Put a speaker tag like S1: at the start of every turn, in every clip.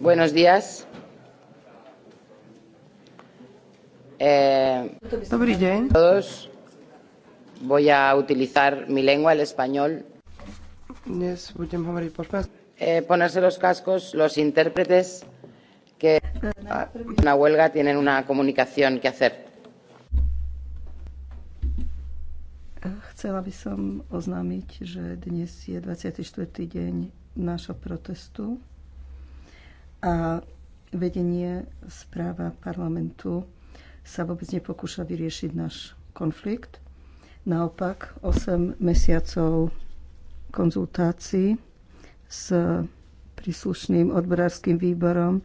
S1: Buenos días. Eh, Dobrý deň. Todos. Voy
S2: a utilizar mi lengua, el español.
S1: Dnes budem hovoriť po španielsku. Eh, ponerse los cascos, los intérpretes que en la huelga tienen una comunicación que hacer.
S3: Chcela by som oznámiť, že dnes je 24. deň nášho protestu a vedenie správa parlamentu sa vôbec nepokúša vyriešiť náš konflikt. Naopak 8 mesiacov konzultácií s príslušným odborárským výborom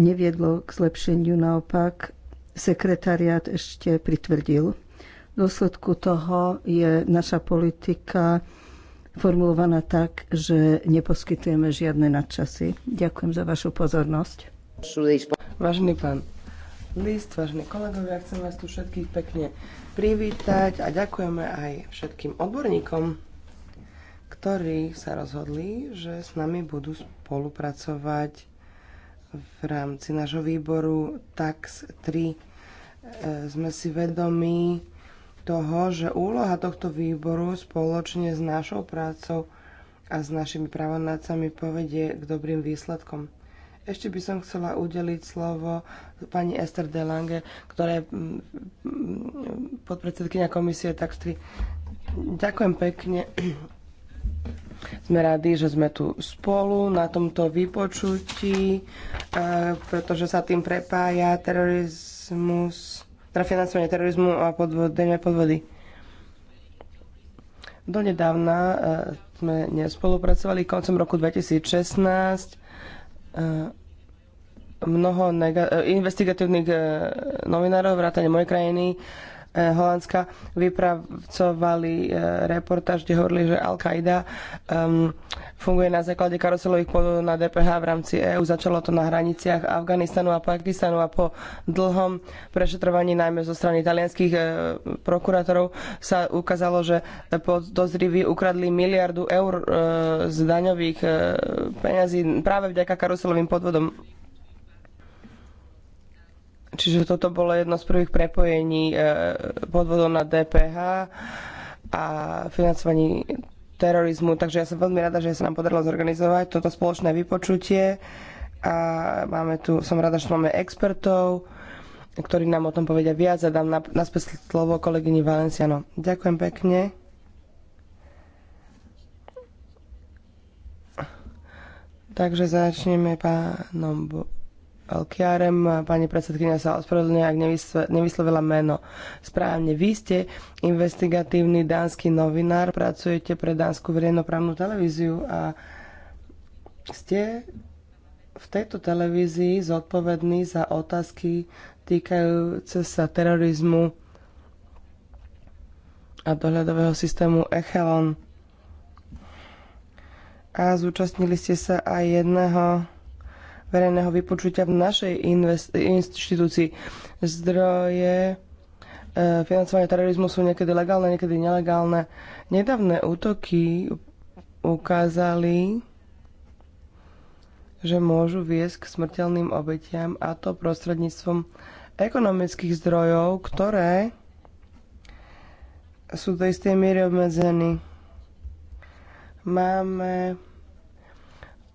S3: neviedlo k zlepšeniu, naopak sekretariat ešte pritvrdil. V dôsledku toho je naša politika formulovaná tak, že neposkytujeme žiadne nadčasy. Ďakujem za vašu pozornosť. Vážený pán
S1: List, vážení kolegovia, chcem vás tu všetkých pekne privítať a ďakujeme aj všetkým odborníkom, ktorí sa rozhodli, že s nami budú spolupracovať v rámci nášho výboru TAX 3. E, sme si vedomí toho, že úloha tohto výboru spoločne s našou prácou a s našimi právodnácami povedie k dobrým výsledkom. Ešte by som chcela udeliť slovo pani Ester de Lange, ktorá je mm, mm, podpredsedkynia komisie tak 3. Ďakujem pekne. Sme radi, že sme tu spolu na tomto vypočutí, eh, pretože sa tým prepája terorizmus teda financovanie terorizmu a podvod, daňové podvody. Donedávna uh, sme nespolupracovali. Koncom roku 2016 uh, e, mnoho e, investigatívnych novinárov vrátane mojej krajiny E, Holandska vypracovali e, reportáž, kde hovorili, že Al-Qaida um, funguje na základe karuselových podvodov na DPH v rámci EÚ. Začalo to na hraniciach Afganistanu a Pakistanu a po dlhom prešetrovaní najmä zo strany talianských e, prokurátorov sa ukázalo, že podozriví ukradli miliardu eur e, z daňových e, peňazí práve vďaka karuselovým podvodom Čiže toto bolo jedno z prvých prepojení e, podvodov na DPH a financovaní terorizmu. Takže ja som veľmi rada, že sa nám podarilo zorganizovať toto spoločné vypočutie a máme tu, som rada, že máme expertov, ktorí nám o tom povedia viac a dám naspäť slovo kolegyni Valenciano. Ďakujem pekne. Takže začneme pánom Bo- Kiarem. Pani predsedkynia sa ospravedlňuje, ak nevyslovila meno správne. Vy ste investigatívny dánsky novinár, pracujete pre dánsku verejnoprávnu televíziu a ste v tejto televízii zodpovední za otázky týkajúce sa terorizmu a dohľadového systému Echelon. A zúčastnili ste sa aj jedného verejného vypočutia v našej inštitúcii. Zdroje e, financovania terorizmu sú niekedy legálne, niekedy nelegálne. Nedávne útoky ukázali, že môžu viesť k smrteľným obetiam a to prostredníctvom ekonomických zdrojov, ktoré sú do istej miery obmedzení. Máme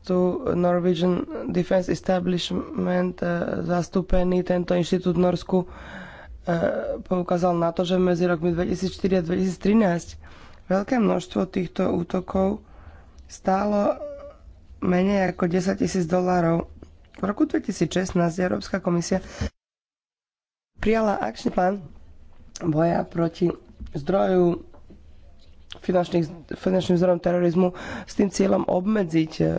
S1: tu Norwegian Defense Establishment eh, zastúpený tento inštitút v Norsku eh, poukázal na to, že medzi rokmi 2004 a 2013 veľké množstvo týchto útokov stálo menej ako 10 tisíc dolárov. V roku 2016 Európska komisia prijala akčný plán boja proti zdroju finančným zdrojom terorizmu s tým cieľom obmedziť eh,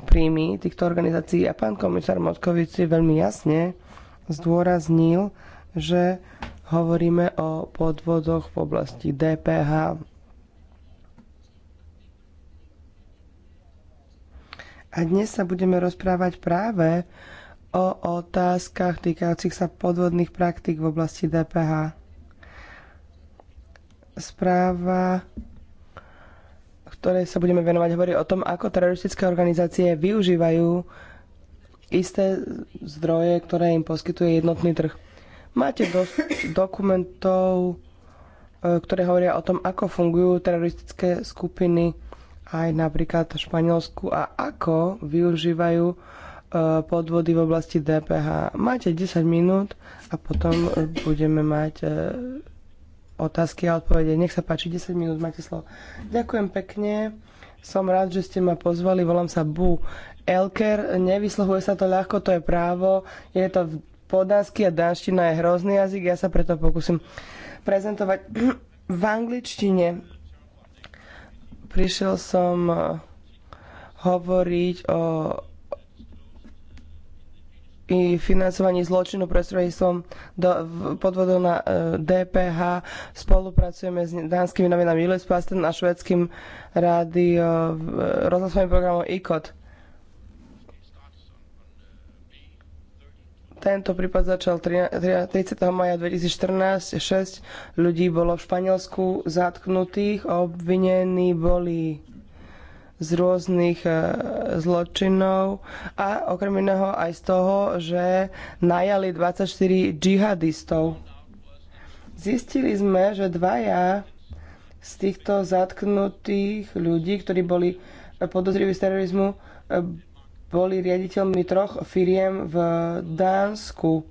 S1: príjmy týchto organizácií a pán komisár Motkovici veľmi jasne zdôraznil, že hovoríme o podvodoch v oblasti DPH. A dnes sa budeme rozprávať práve o otázkach týkajúcich sa podvodných praktík v oblasti DPH. Správa ktorej sa budeme venovať, hovorí o tom, ako teroristické organizácie využívajú isté zdroje, ktoré im poskytuje jednotný trh. Máte dosť dokumentov, e, ktoré hovoria o tom, ako fungujú teroristické skupiny aj napríklad v Španielsku a ako využívajú e, podvody v oblasti DPH. Máte 10 minút a potom budeme mať e, otázky a odpovede. Nech sa páči, 10 minút máte slovo. Ďakujem pekne. Som rád, že ste ma pozvali. Volám sa Bu Elker. Nevyslohuje sa to ľahko, to je právo. Je to podánsky a dánština je hrozný jazyk. Ja sa preto pokúsim prezentovať v angličtine. Prišiel som eh, hovoriť o i financovaní zločinu prostredníctvom podvodov na e, DPH. Spolupracujeme s dánskymi novinami Ylespasten a švedským rádio rozhlasovým programom ICOT. Tento prípad začal 30. maja 2014. 6 ľudí bolo v Španielsku zatknutých. Obvinení boli z rôznych e, zločinov a okrem iného aj z toho, že najali 24 džihadistov. Zistili sme, že dvaja z týchto zatknutých ľudí, ktorí boli podozriví z terorizmu, e, boli riaditeľmi troch firiem v Dánsku.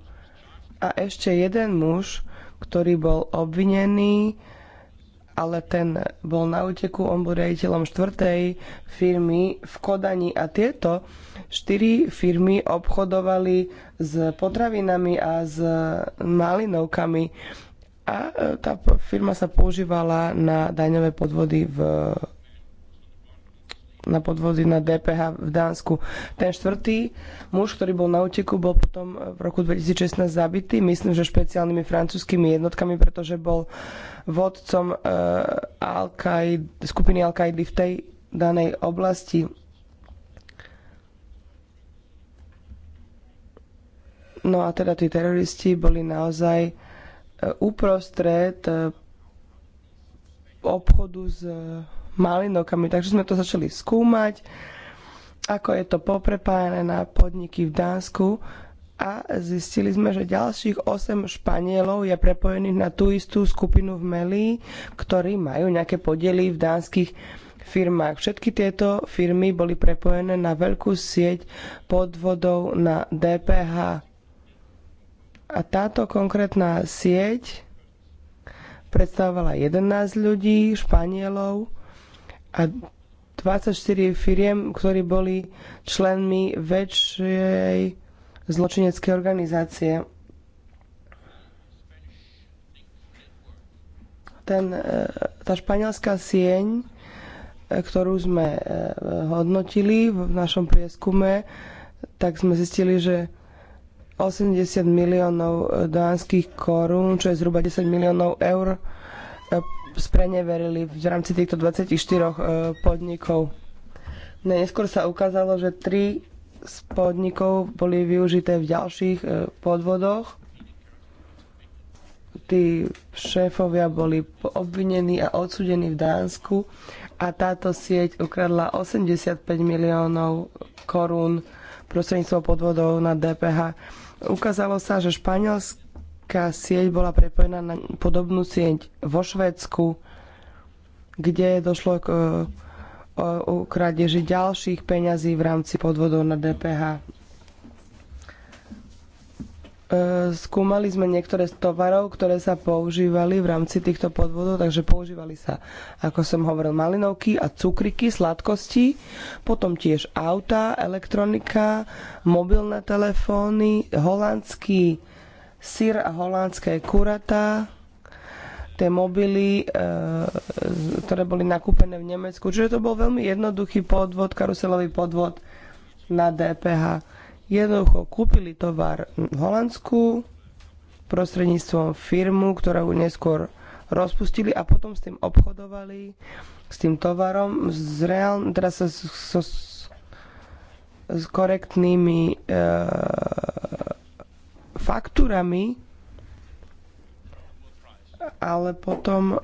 S1: A ešte jeden muž, ktorý bol obvinený ale ten bol na úteku on bol riaditeľom štvrtej firmy v Kodani a tieto štyri firmy obchodovali s potravinami a s malinovkami a e, tá firma sa používala na daňové podvody v na podvody na DPH v Dánsku. Ten štvrtý muž, ktorý bol na uteku, bol potom v roku 2016 zabitý, myslím, že špeciálnymi francúzskými jednotkami, pretože bol vodcom uh, e, Al skupiny al v tej danej oblasti. No a teda tí teroristi boli naozaj e, uprostred e, obchodu s malinovkami. Takže sme to začali skúmať, ako je to poprepájane na podniky v Dánsku a zistili sme, že ďalších 8 Španielov je prepojených na tú istú skupinu v melí, ktorí majú nejaké podiely v dánskych firmách. Všetky tieto firmy boli prepojené na veľkú sieť podvodov na DPH. A táto konkrétna sieť predstavovala 11 ľudí, Španielov, a 24 firiem, ktorí boli členmi väčšej zločineckej organizácie. Ten, e, tá španielská sieň, e, ktorú sme e, hodnotili v našom prieskume, tak sme zistili, že 80 miliónov dánskych korún, čo je zhruba 10 miliónov eur, spreneverili v rámci týchto 24 e, podnikov. Neskôr sa ukázalo, že tri z podnikov boli využité v ďalších e, podvodoch. Tí šéfovia boli obvinení a odsudení v Dánsku a táto sieť ukradla 85 miliónov korún prostredníctvom podvodov na DPH. Ukázalo sa, že španielsk Nejaká sieť bola prepojená na podobnú sieť vo Švedsku, kde došlo k krádeži ďalších peňazí v rámci podvodov na DPH. E, skúmali sme niektoré z tovarov, ktoré sa používali v rámci týchto podvodov, takže používali sa, ako som hovoril, malinovky a cukriky, sladkosti, potom tiež auta, elektronika, mobilné telefóny, holandský syr a holandské kuratá, tie mobily, e, ktoré boli nakúpené v Nemecku. Čiže to bol veľmi jednoduchý podvod, karuselový podvod na DPH. Jednoducho kúpili tovar v Holandsku prostredníctvom firmu, ktorú neskôr rozpustili a potom s tým obchodovali, s tým tovarom, s reál, teda sa s, s, s, s korektnými e, faktúrami, ale potom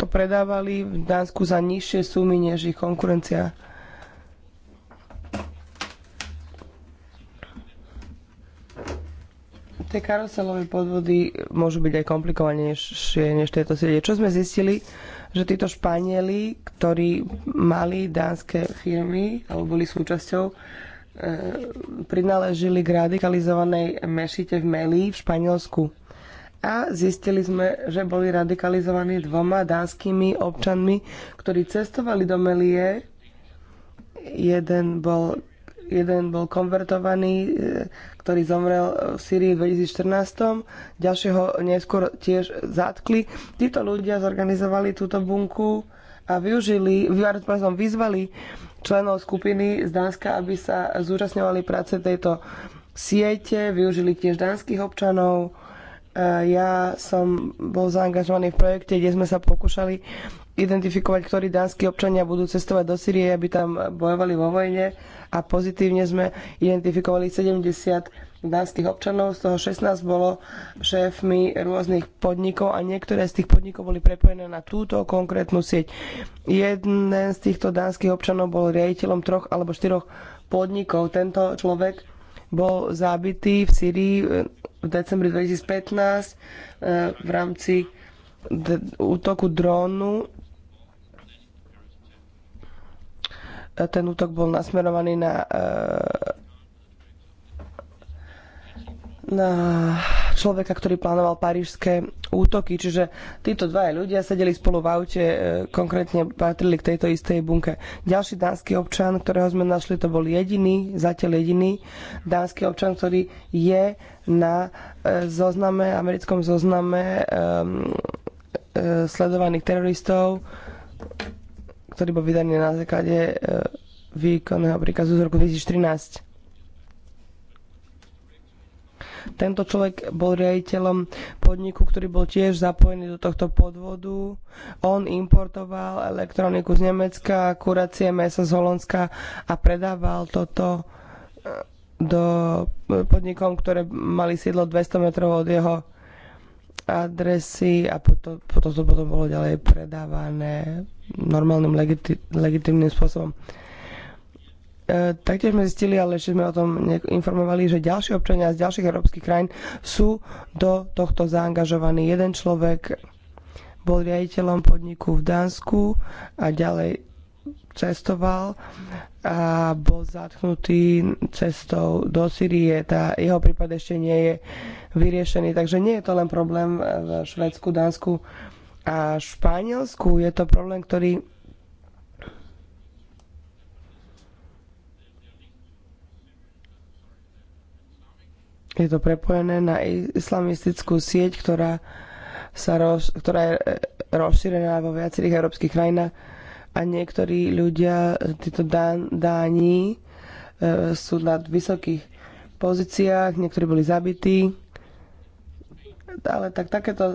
S1: to predávali v Dánsku za nižšie sumy než ich konkurencia. Tie karuselové podvody môžu byť aj komplikovanejšie než tieto siede. Čo sme zistili, že títo Španieli, ktorí mali dánske firmy alebo boli súčasťou E, prináležili k radikalizovanej mešite v Melí v Španielsku. A zistili sme, že boli radikalizovaní dvoma dánskymi občanmi, ktorí cestovali do Melie. Jeden bol, jeden bol konvertovaný, e, ktorý zomrel v Syrii v 2014. Ďalšieho neskôr tiež zatkli. Títo ľudia zorganizovali túto bunku a využili, vyzvali členov skupiny z Dánska, aby sa zúčastňovali práce tejto siete, využili tiež dánskych občanov. E, ja som bol zaangažovaný v projekte, kde sme sa pokúšali identifikovať, ktorí dánsky občania budú cestovať do Syrie, aby tam bojovali vo vojne a pozitívne sme identifikovali 70 dánskych občanov, z toho 16 bolo šéfmi rôznych podnikov a niektoré z tých podnikov boli prepojené na túto konkrétnu sieť. Jeden z týchto dánskych občanov bol riaditeľom troch alebo štyroch podnikov. Tento človek bol zabitý v Syrii eh, v decembri 2015 eh, v rámci útoku drónu ten útok bol nasmerovaný na eh, na človeka, ktorý plánoval parížské útoky. Čiže títo dvaja ľudia sedeli spolu v aute, e, konkrétne patrili k tejto istej bunke. Ďalší dánsky občan, ktorého sme našli, to bol jediný, zatiaľ jediný dánsky občan, ktorý je na e, zozname, americkom zozname um, uh, sledovaných teroristov, ktorý bol vydaný na základe uh, výkonného príkazu z roku 2013. Tento človek bol riaditeľom podniku, ktorý bol tiež zapojený do tohto podvodu. On importoval elektroniku z Nemecka, kuracie meso z Holandska a predával toto eh, do eh, podnikom, ktoré mali sídlo 200 metrov od jeho adresy a potom, potom to potom bolo ďalej predávané normálnym legitímnym legitimným spôsobom. E, taktiež sme zistili, ale ešte sme o tom informovali, že ďalší občania z ďalších európskych krajín sú do tohto zaangažovaní. Jeden človek bol riaditeľom podniku v Dánsku a ďalej cestoval a bol zatknutý cestou do Syrie. Tá jeho prípad ešte nie je vyriešený, takže nie je to len problém v Švedsku, Dánsku a Španielsku. Je to problém, ktorý Je to prepojené na islamistickú sieť, ktorá, sa roz, ktorá je e, rozšírená vo viacerých európskych krajinách a niektorí ľudia, títo dáni, e, sú na vysokých pozíciách, niektorí boli zabití. Ale tak takéto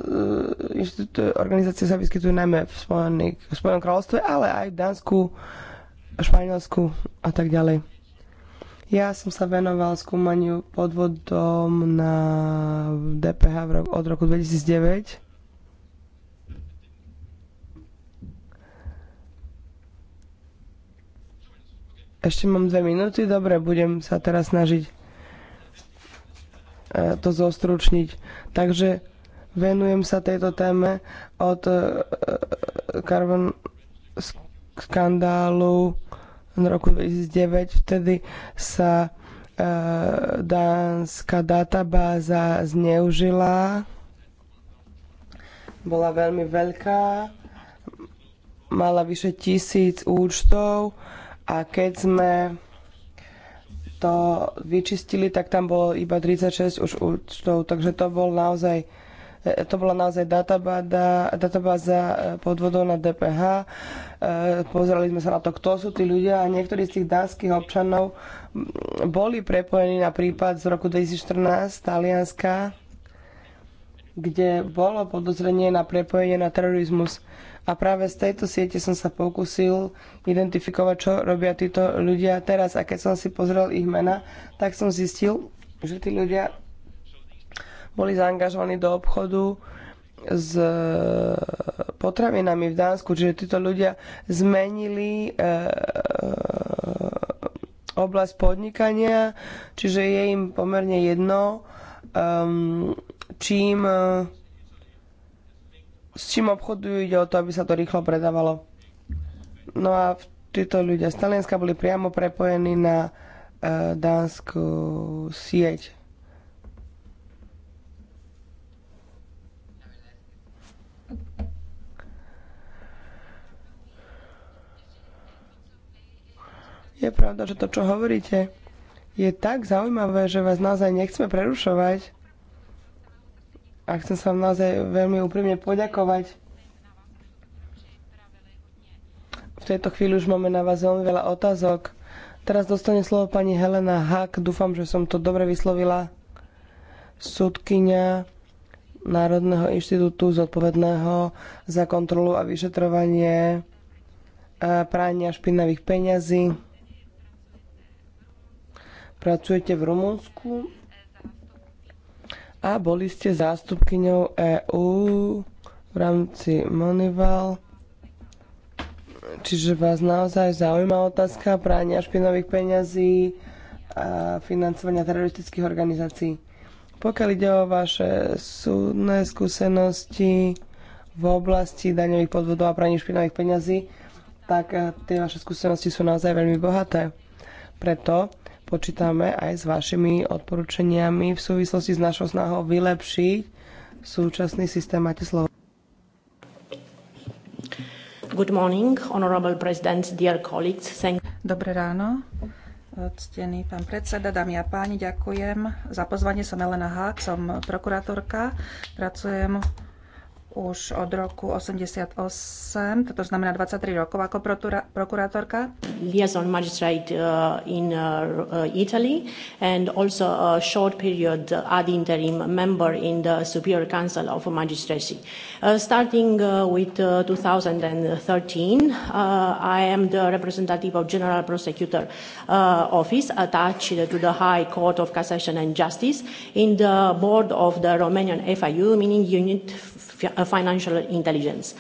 S1: e, organizácie sa vyskytujú najmä v, v Spojenom kráľovstve, ale aj v Dánsku, Španielsku a tak ďalej. Ja som sa venoval skúmaniu podvodom na DPH v roku, od roku 2009. Ešte mám dve minúty, dobre, budem sa teraz snažiť e, to zostručniť. Takže venujem sa tejto téme od e, e, karbon skandálu v roku 2009. Vtedy sa e, dánska databáza zneužila. Bola veľmi veľká, mala vyše tisíc účtov a keď sme to vyčistili, tak tam bolo iba 36 už účtov, takže to bol naozaj E, to bola naozaj databáda, databáza e, podvodov na DPH. E, pozerali sme sa na to, kto sú tí ľudia a niektorí z tých dánskych občanov boli prepojení na prípad z roku 2014 Talianska, kde bolo podozrenie na prepojenie na terorizmus. A práve z tejto siete som sa pokusil identifikovať, čo robia títo ľudia teraz. A keď som si pozrel ich mena, tak som zistil, že tí ľudia boli zaangažovaní do obchodu s e, potravinami v Dánsku. Čiže títo ľudia zmenili e, e, oblasť podnikania, čiže je im pomerne jedno, um, čím, e, s čím obchodujú, ide o to, aby sa to rýchlo predávalo. No a títo ľudia z Talianska boli priamo prepojení na e, dánsku sieť Je pravda, že to, čo hovoríte, je tak zaujímavé, že vás naozaj nechceme prerušovať. A chcem sa vám naozaj veľmi úprimne poďakovať. V tejto chvíli už máme na vás veľmi veľa otázok. Teraz dostane slovo pani Helena Hak. Dúfam, že som to dobre vyslovila. Súdkyňa Národného inštitútu zodpovedného za kontrolu a vyšetrovanie eh, prania špinavých peňazí pracujete v Rumunsku a boli ste zástupkyňou EÚ v rámci Monival. Čiže vás naozaj zaujíma otázka prania špinových peňazí a financovania teroristických organizácií. Pokiaľ ide o vaše súdne skúsenosti v oblasti daňových podvodov a praní špinavých peňazí, tak eh, tie vaše skúsenosti sú naozaj veľmi bohaté. Preto Počítame aj s vašimi odporúčaniami v súvislosti s našou snahou vylepšiť súčasný systém. Máte slovo.
S2: Good morning, honorable president, dear colleagues. Thank... Dobré ráno,
S4: Ctený pán predseda, dámy a páni, ďakujem za pozvanie. Som Elena Hák, som prokurátorka, pracujem už od roku 88, toto znamená 23 rokov ako prokurátorka.
S2: Liaison magistrate uh, in uh, uh, Italy and also a short period ad interim member in the Superior Council of Magistracy. Uh, starting uh, with uh, 2013, uh, I am the representative of General Prosecutor uh, Office attached to the High Court of Cassation and Justice in the board of the Romanian FIU, meaning Unit Uh, financial intelligence.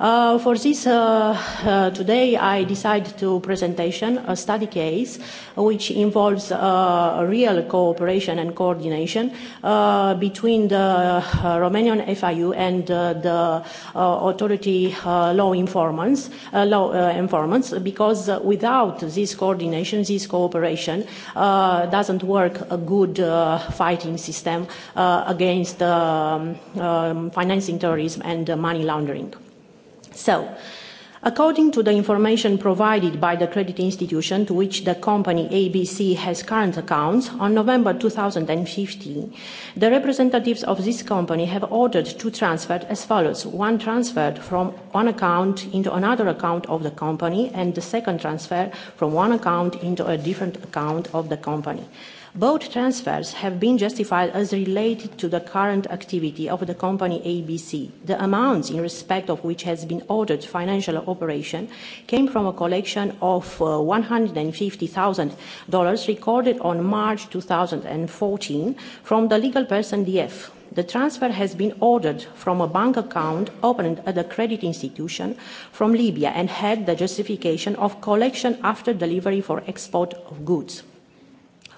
S2: Uh, for this, uh, uh, today I decided to presentation a study case which involves uh, real cooperation and coordination uh, between the uh, Romanian FIU and uh, the uh, authority uh, law informants, uh, law uh, informants, because uh, without this coordination, this cooperation uh, doesn't work a good uh, fighting system uh, against um, um, financing terrorism and uh, money laundering. So, according to the information provided by the credit institution to which the company ABC has current accounts, on November 2015, the representatives of this company have ordered two transfers as follows. One transferred from one account into another account of the company and the second transfer from one account into a different account of the company. Both transfers have been justified as related to the current activity of the company ABC. The amounts in respect of which has been ordered financial operation came from a collection of $150,000 uh, recorded on March 2014 from the legal person DF. The transfer has been ordered from a bank account opened at a credit institution from Libya and had the justification of collection after delivery for export of goods.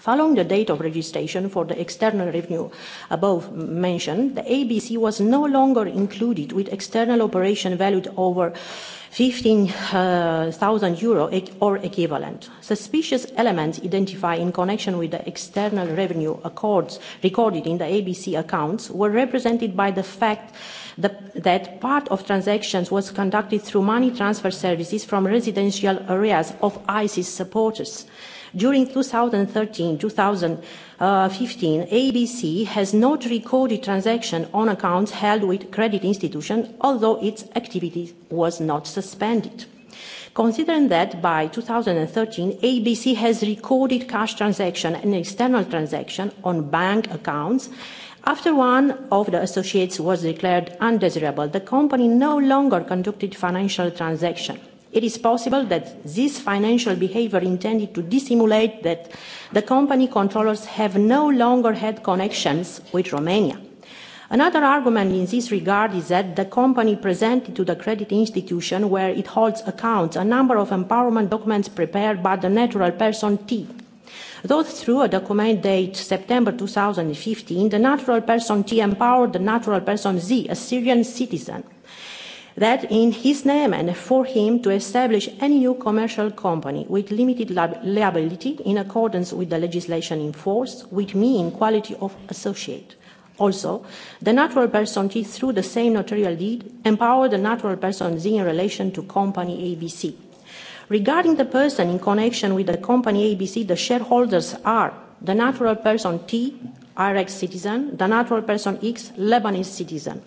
S2: Following the date of registration for the external revenue above mentioned, the ABC was no longer included with external operation valued over 15,000 uh, euro e-, or equivalent. Suspicious elements identified in connection with the external revenue accords recorded in the ABC accounts were represented by the fact that, that part of transactions was conducted through money transfer services from residential areas of ISIS supporters. During 2013-2015, ABC has not recorded transaction on accounts held with credit institutions, although its activity was not suspended. Considering that by 2013, ABC has recorded cash transaction and external transaction on bank accounts, after one of the associates was declared undesirable, the company no longer conducted financial transaction. It is possible that this financial behaviour intended to dissimulate that the company controllers have no longer had connections with Romania. Another argument in this regard is that the company presented to the credit institution where it holds accounts a number of empowerment documents prepared by the natural person T. Though through a document dated September 2015, the natural person T empowered the natural person Z, a Syrian citizen, that in his name and for him to establish any new commercial company with limited liability in accordance with the legislation in force with me in quality of associate. Also, the natural person T through the same notarial deed empower the natural person Z in relation to company ABC. Regarding the person in connection with the company ABC, the shareholders are the natural person T, IRX citizen, the natural person X, Lebanese citizen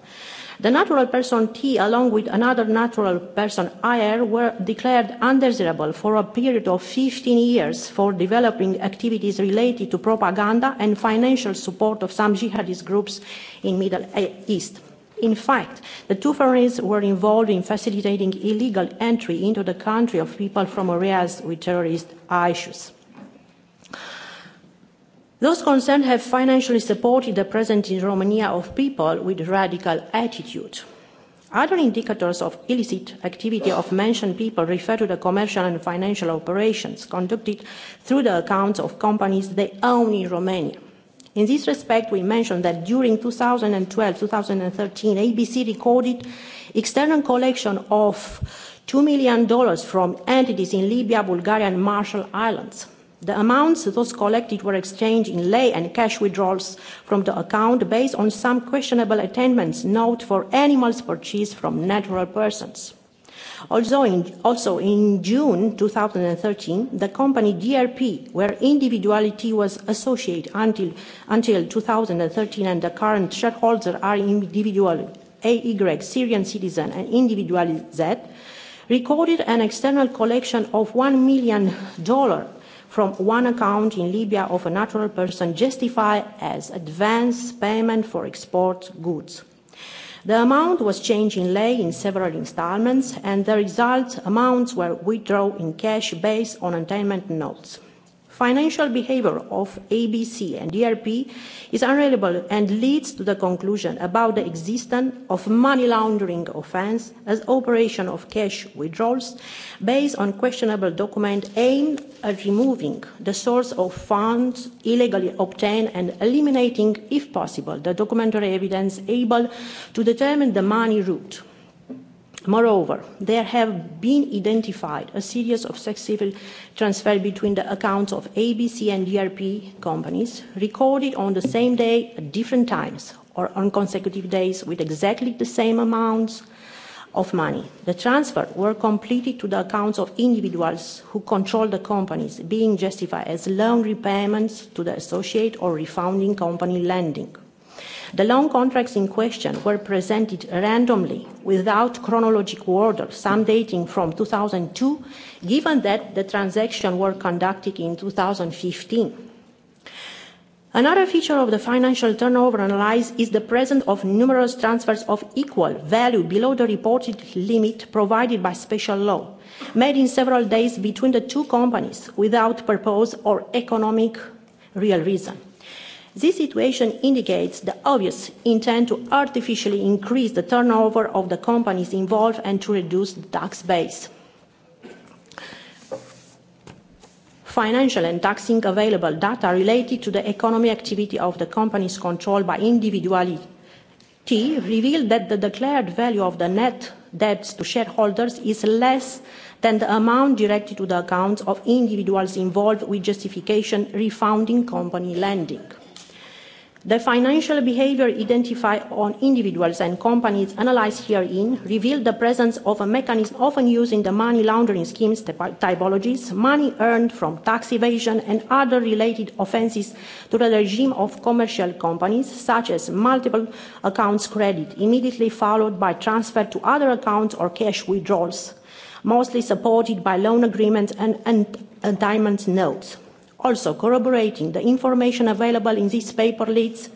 S2: the natural person t along with another natural person ir were declared undesirable for a period of fifteen years for developing activities related to propaganda and financial support of some jihadist groups in the middle e, east. In fact, the two foreigners were involved in facilitating illegal entry into the country of people from areas with terrorist issues those concerned have financially supported the presence in romania of people with radical attitudes. other indicators of illicit activity of mentioned people refer to the commercial and financial operations conducted through the accounts of companies they own in romania. in this respect we mention that during two thousand and twelve two thousand and thirteen abc recorded external collection of $2 million from entities in libya bulgaria and marshall islands The amounts thus collected were exchanged in lei and cash withdrawals from the account based on some questionable attainments note for animals purchased from natural persons. Also in, also in June 2013, the company DRP, where individuality was associated until, until 2013 and the current shareholders are individual AY, e Syrian citizen and individual Z, recorded an external collection of $1 million from one account in Libya of a natural person justify as advance payment for export goods. The amount was changed in lei in several installments, and the result amounts were withdrawn in cash based on attainment notes. Financial behaviour of ABC and DRP is unreliable and leads to the conclusion about the existence of money laundering offence as operation of cash withdrawals based on questionable documents aimed at removing the source of funds illegally obtained and eliminating, if possible, the documentary evidence able to determine the money route. Moreover, there have been identified a series of civil transfers between the accounts of ABC and DRP companies recorded on the same day at different times or on consecutive days with exactly the same amounts of money. The transfers were completed to the accounts of individuals who control the companies, being justified as loan repayments to the associate or refounding company lending. The loan contracts in question were presented randomly without chronological order, some dating from 2002, given that the transactions were conducted in 2015. Another feature of the financial turnover analysis is the presence of numerous transfers of equal value below the reported limit provided by special law, made in several days between the two companies without purpose or economic real reason. This situation indicates the obvious intent to artificially increase the turnover of the companies involved and to reduce the tax base. Financial and taxing available data related to the economic activity of the companies controlled by individuality T revealed that the declared value of the net debts to shareholders is less than the amount directed to the accounts of individuals involved with justification refounding company lending. The financial behaviour identified on individuals and companies analysed herein revealed the presence of a mechanism often used in the money laundering schemes typologies, money earned from tax evasion and other related offences to the regime of commercial companies, such as multiple accounts credit, immediately followed by transfer to other accounts or cash withdrawals, mostly supported by loan agreements and, diamond notes also corroborating the information available in this paper leads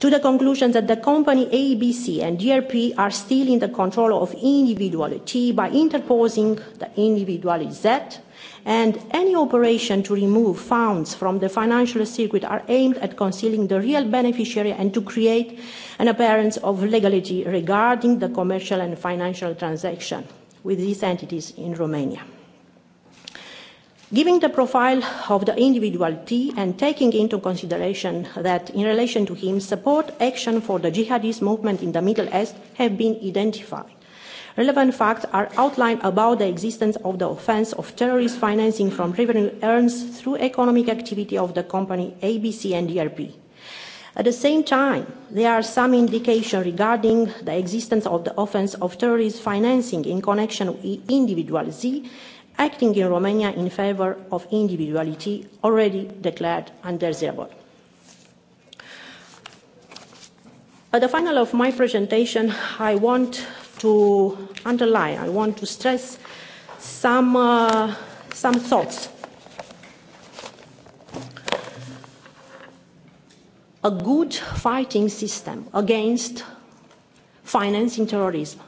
S2: to the conclusion that the company ABC and DRP are still in the control of individual T by interposing the individual Z, and any operation to remove funds from the financial circuit are aimed at concealing the real beneficiary and to create an appearance of legality regarding the commercial and financial transaction with these entities in Romania. Given the profile of the individual T and taking into consideration that in relation to him, support action for the jihadist movement in the Middle East have been identified. Relevant facts are outlined about the existence of the offence of terrorist financing from revenue earned through economic activity of the company ABC and DRP. E At the same time, there are some indications regarding the existence of the offense of terrorist financing in connection with individual Z acting in Romania in favour of individuality already declared undesirable. At the final of my presentation, I want to underline, I want to stress some, uh, some thoughts. A good fighting system against financing terrorism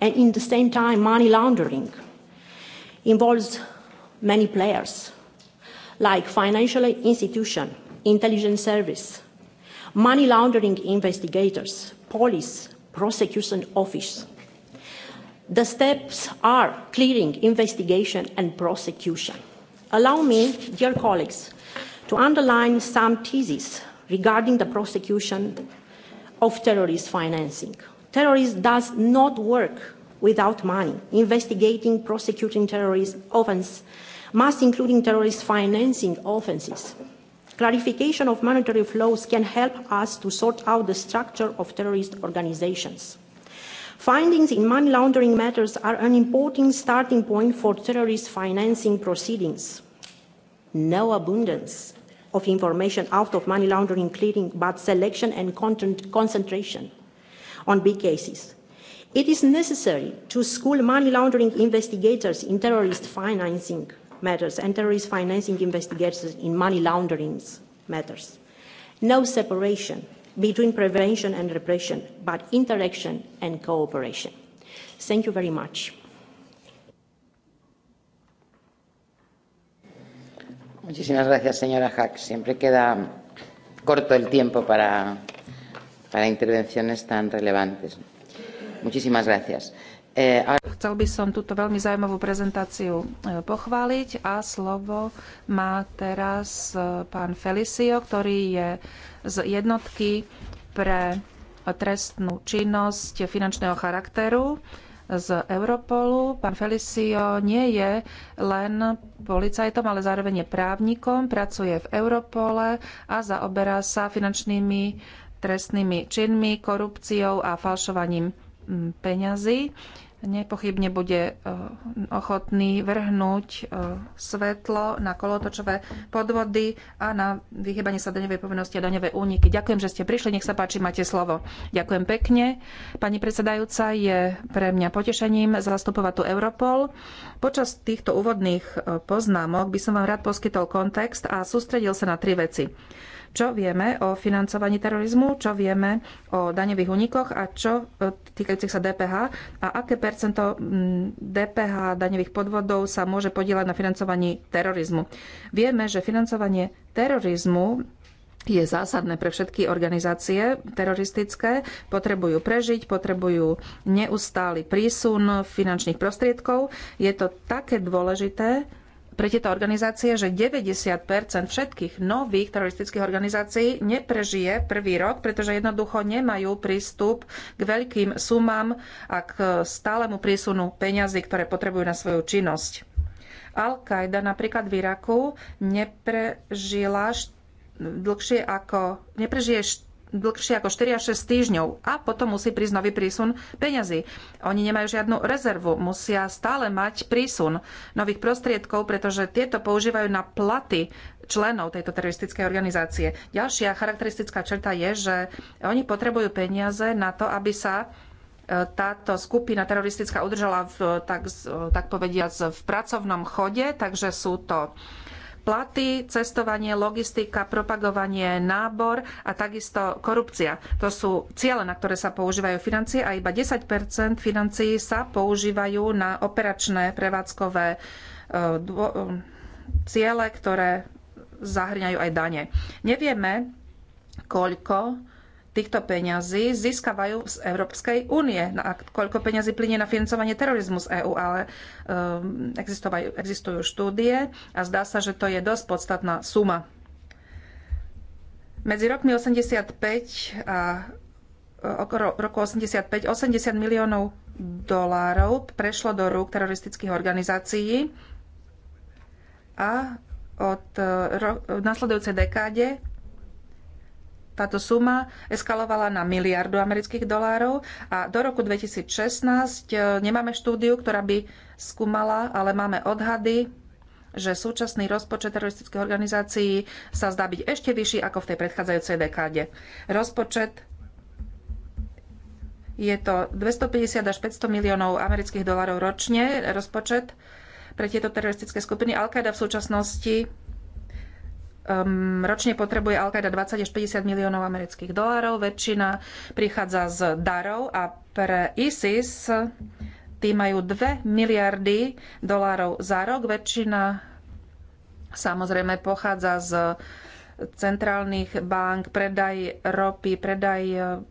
S2: and in the same time money laundering – involves many players like financial institutions, intelligence service, money laundering investigators, police, prosecution office. The steps are clearing, investigation and prosecution. Allow me, dear colleagues, to underline some theses regarding the prosecution of terrorist financing. Terrorism does not work without money, investigating, prosecuting terrorist offences, mass including terrorist financing offences. Clarification of monetary flows can help us to sort out the structure of terrorist organisations. Findings in money laundering matters are an important starting point for terrorist financing proceedings. No abundance of information out of money laundering clearing, but selection and content concentration on big cases it is necessary to school money laundering investigators in terrorist financing matters and terrorist financing investigators in money laundering matters. no separation between prevention and repression but interaction and cooperation. thank you very much.
S4: Muchísimas gracias, señora Hack. Siempre queda corto el tiempo para, para intervenciones tan relevantes. Muchísimas gracias. Eh, Chcel by som túto veľmi zaujímavú prezentáciu eh, pochváliť a slovo má teraz eh, pán Felicio, ktorý je z jednotky pre trestnú činnosť finančného charakteru z Europolu. Pán Felicio nie je len policajtom, ale zároveň je právnikom, pracuje v Europole a zaoberá sa finančnými trestnými činmi, korupciou a falšovaním peňazí, nepochybne bude e, ochotný vrhnúť e, svetlo na kolotočové podvody a na vyhybanie sa daňovej povinnosti a daňové úniky. Ďakujem, že ste prišli. Nech sa páči, máte slovo. Ďakujem pekne. Pani predsedajúca, je pre mňa potešením zastupovať tu Europol. Počas týchto úvodných e, poznámok by som vám rád poskytol kontext a sústredil sa na tri veci čo vieme o financovaní terorizmu, čo vieme o daňových unikoch a čo e, týkajúcich sa DPH a aké percento mm, DPH daňových podvodov sa môže podielať na financovaní terorizmu. Vieme, že financovanie terorizmu je zásadné pre všetky organizácie teroristické. Potrebujú prežiť, potrebujú neustály prísun finančných prostriedkov. Je to také dôležité, pre tieto organizácie, že 90 všetkých nových teroristických organizácií neprežije prvý rok, pretože jednoducho nemajú prístup k veľkým sumám a k stálemu prísunu peňazí, ktoré potrebujú na svoju činnosť. Al-Qaida napríklad v Iraku neprežila dlhšie ako, neprežije dlhšie ako 4 až 6 týždňov a potom musí prísť nový prísun peňazí. Oni nemajú žiadnu rezervu, musia stále mať prísun nových prostriedkov, pretože tieto používajú na platy členov tejto teroristickej organizácie. Ďalšia charakteristická črta je, že oni potrebujú peniaze na to, aby sa e, táto skupina teroristická udržala v, tak, e, tak povediať, v pracovnom chode, takže sú to platy, cestovanie, logistika, propagovanie, nábor a takisto korupcia. To sú ciele, na ktoré sa používajú financie a iba 10 financií sa používajú na operačné prevádzkové e, e, ciele, ktoré zahrňajú aj dane. Nevieme, koľko týchto peňazí získavajú z Európskej únie. No a koľko peňazí plinie na financovanie terorizmu z EÚ, ale um, existujú štúdie a zdá sa, že to je dosť podstatná suma. Medzi rokmi 85 a e, roku 85 80 miliónov dolárov prešlo do rúk teroristických organizácií a od e, ro- nasledujúcej dekáde táto suma eskalovala na miliardu amerických dolárov a do roku 2016 e, nemáme štúdiu, ktorá by skúmala, ale máme odhady, že súčasný rozpočet teroristických organizácií sa zdá byť ešte vyšší ako v tej predchádzajúcej dekáde. Rozpočet je to 250 až 500 miliónov amerických dolárov ročne rozpočet pre tieto teroristické skupiny. Al-Qaeda v súčasnosti um, ročne potrebuje Al-Qaida 20 až 50 miliónov amerických dolárov. Väčšina prichádza z darov a pre ISIS tí majú 2 miliardy dolárov za rok. Väčšina samozrejme pochádza z centrálnych bank, predaj ropy, predaj ehm,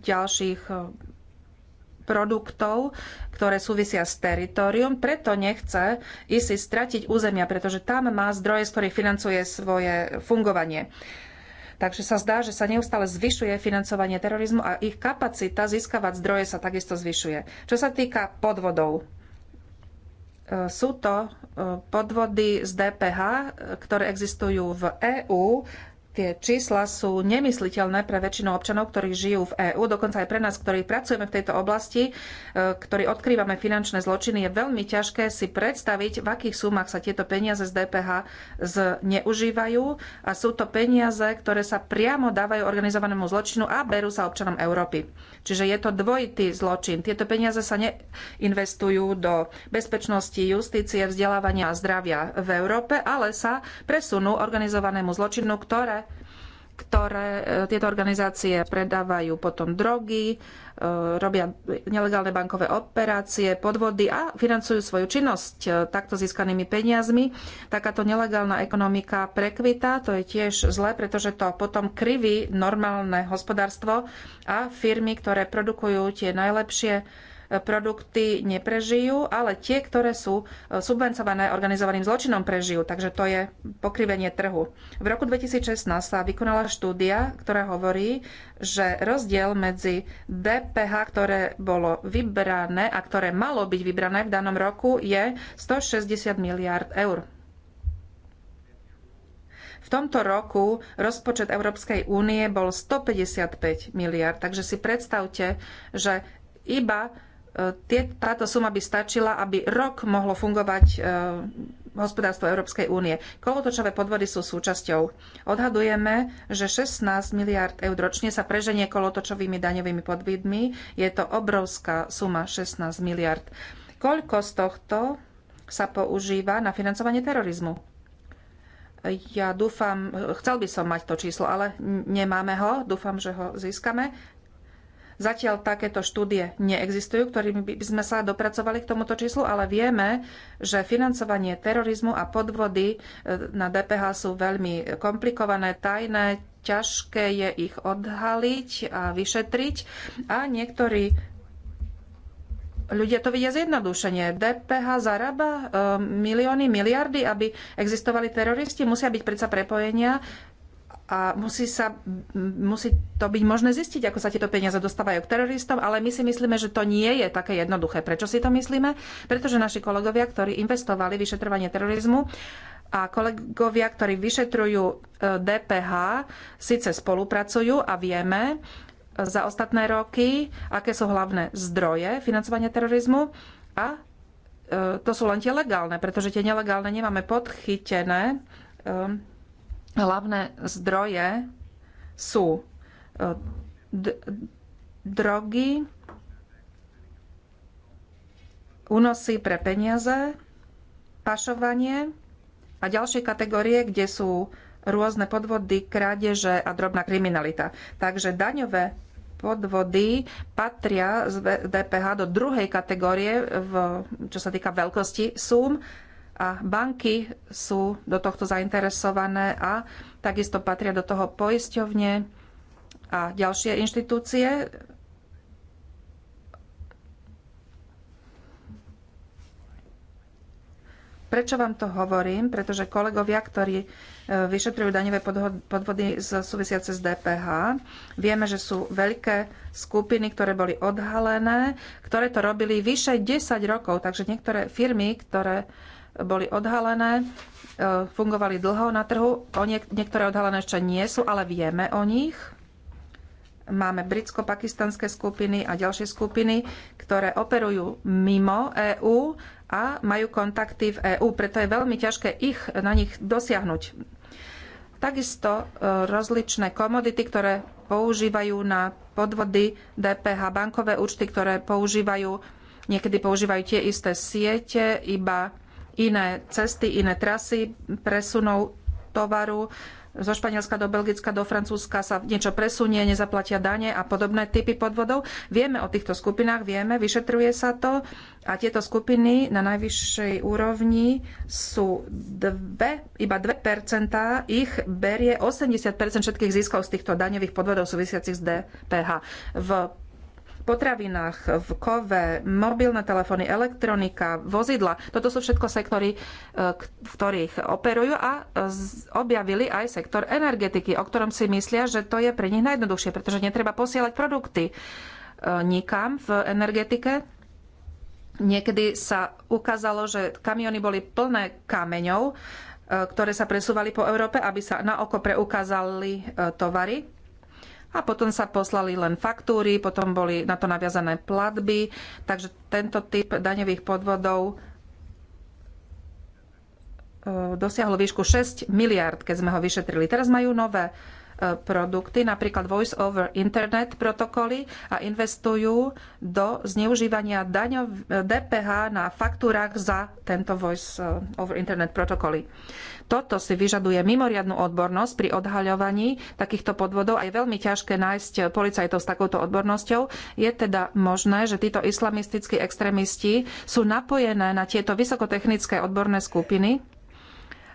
S4: ďalších ehm, produktov, ktoré súvisia s teritorium, preto nechce ISIS stratiť územia, pretože tam má zdroje, z ktorých financuje svoje fungovanie. Takže sa zdá, že sa neustále zvyšuje financovanie terorizmu a ich kapacita získavať zdroje sa takisto zvyšuje. Čo sa týka podvodov, e, sú to e, podvody z DPH, e, ktoré existujú v EÚ Tie čísla sú nemysliteľné pre väčšinu občanov, ktorí žijú v EÚ, dokonca aj pre nás, ktorí pracujeme v tejto oblasti, e, ktorí odkrývame finančné zločiny. Je veľmi ťažké si predstaviť, v akých sumách sa tieto peniaze z DPH zneužívajú. A sú to peniaze, ktoré sa priamo dávajú organizovanému zločinu a berú sa občanom Európy. Čiže je to dvojitý zločin. Tieto peniaze sa neinvestujú do bezpečnosti, justície, vzdelávania a zdravia v Európe, ale sa presunú organizovanému zločinu, ktoré ktoré e, tieto organizácie predávajú potom drogy, e, robia nelegálne bankové operácie, podvody a financujú svoju činnosť e, takto získanými peniazmi. Takáto nelegálna ekonomika prekvita, to je tiež zle, pretože to potom kriví normálne hospodárstvo a firmy, ktoré produkujú tie najlepšie produkty neprežijú, ale tie, ktoré sú e, subvencované organizovaným zločinom, prežijú. Takže to je pokrivenie trhu. V roku 2016 sa vykonala štúdia, ktorá hovorí, že rozdiel medzi DPH, ktoré bolo vybrané a ktoré malo byť vybrané v danom roku, je 160 miliard eur. V tomto roku rozpočet Európskej únie bol 155 miliard, takže si predstavte, že iba táto suma by stačila, aby rok mohlo fungovať e, hospodárstvo Európskej únie. Kolotočové podvody sú súčasťou. Odhadujeme, že 16 miliard eur ročne sa preženie kolotočovými daňovými podvidmi. Je to obrovská suma 16 miliard. Koľko z tohto sa používa na financovanie terorizmu? Ja dúfam, chcel by som mať to číslo, ale nemáme ho. Dúfam, že ho získame. Zatiaľ takéto štúdie neexistujú, ktorými by sme sa dopracovali k tomuto číslu, ale vieme, že financovanie terorizmu a podvody e, na DPH sú veľmi komplikované, tajné, ťažké je ich odhaliť a vyšetriť a niektorí ľudia to vidia zjednodušenie. DPH zarába e, milióny, miliardy, aby existovali teroristi. Musia byť predsa prepojenia a musí, sa, musí to byť možné zistiť, ako sa tieto peniaze dostávajú k teroristom, ale my si myslíme, že to nie je také jednoduché. Prečo si to myslíme? Pretože naši kolegovia, ktorí investovali vyšetrovanie terorizmu a kolegovia, ktorí vyšetrujú e, DPH, síce spolupracujú a vieme e, za ostatné roky, aké sú hlavné zdroje financovania terorizmu a e, to sú len tie legálne, pretože tie nelegálne nemáme podchytené Hlavné zdroje sú e, drogy, únosy pre peniaze, pašovanie a ďalšie kategórie, kde sú rôzne podvody, krádeže a drobná kriminalita. Takže daňové podvody patria z DPH do druhej kategórie, v, čo sa týka veľkosti súm a banky sú do tohto zainteresované a takisto patria do toho poisťovne a ďalšie inštitúcie. Prečo vám to hovorím? Pretože kolegovia, ktorí e, vyšetrujú daňové podvody súvisiace s DPH, vieme, že sú veľké skupiny, ktoré boli odhalené, ktoré to robili vyše 10 rokov. Takže niektoré firmy, ktoré boli odhalené, e, fungovali dlho na trhu. O niek- niektoré odhalené ešte nie sú, ale vieme o nich. Máme britsko-pakistanské skupiny a ďalšie skupiny, ktoré operujú mimo EÚ a majú kontakty v EÚ, preto je veľmi ťažké ich na nich dosiahnuť. Takisto e, rozličné komodity, ktoré používajú na podvody DPH, bankové účty, ktoré používajú, niekedy používajú tie isté siete, iba iné cesty, iné trasy presunov tovaru zo Španielska do Belgicka, do Francúzska sa niečo presunie, nezaplatia dane a podobné typy podvodov. Vieme o týchto skupinách, vieme, vyšetruje sa to a tieto skupiny na najvyššej úrovni sú dve, iba 2 ich berie 80 všetkých ziskov z týchto daňových podvodov súvisiacich s DPH. V potravinách, v kove, mobilné telefóny, elektronika, vozidla. Toto sú všetko sektory, e, v ktorých operujú a e, objavili aj sektor energetiky, o ktorom si myslia, že to je pre nich najjednoduchšie, pretože netreba posielať produkty e, nikam v energetike. Niekedy sa ukázalo, že kamiony boli plné kameňov, ktoré sa presúvali po Európe, aby sa na oko preukázali tovary a potom sa poslali len faktúry, potom boli na to naviazané platby, takže tento typ daňových podvodov e, dosiahlo výšku 6 miliard, keď sme ho vyšetrili. Teraz majú nové E, produkty, napríklad Voice over Internet protokoly a investujú do zneužívania daňov, e, DPH na faktúrach za tento Voice e, over Internet protokoly. Toto si vyžaduje mimoriadnu odbornosť pri odhaľovaní takýchto podvodov a je veľmi ťažké nájsť policajtov s takouto odbornosťou. Je teda možné, že títo islamistickí extrémisti sú napojené na tieto vysokotechnické odborné skupiny,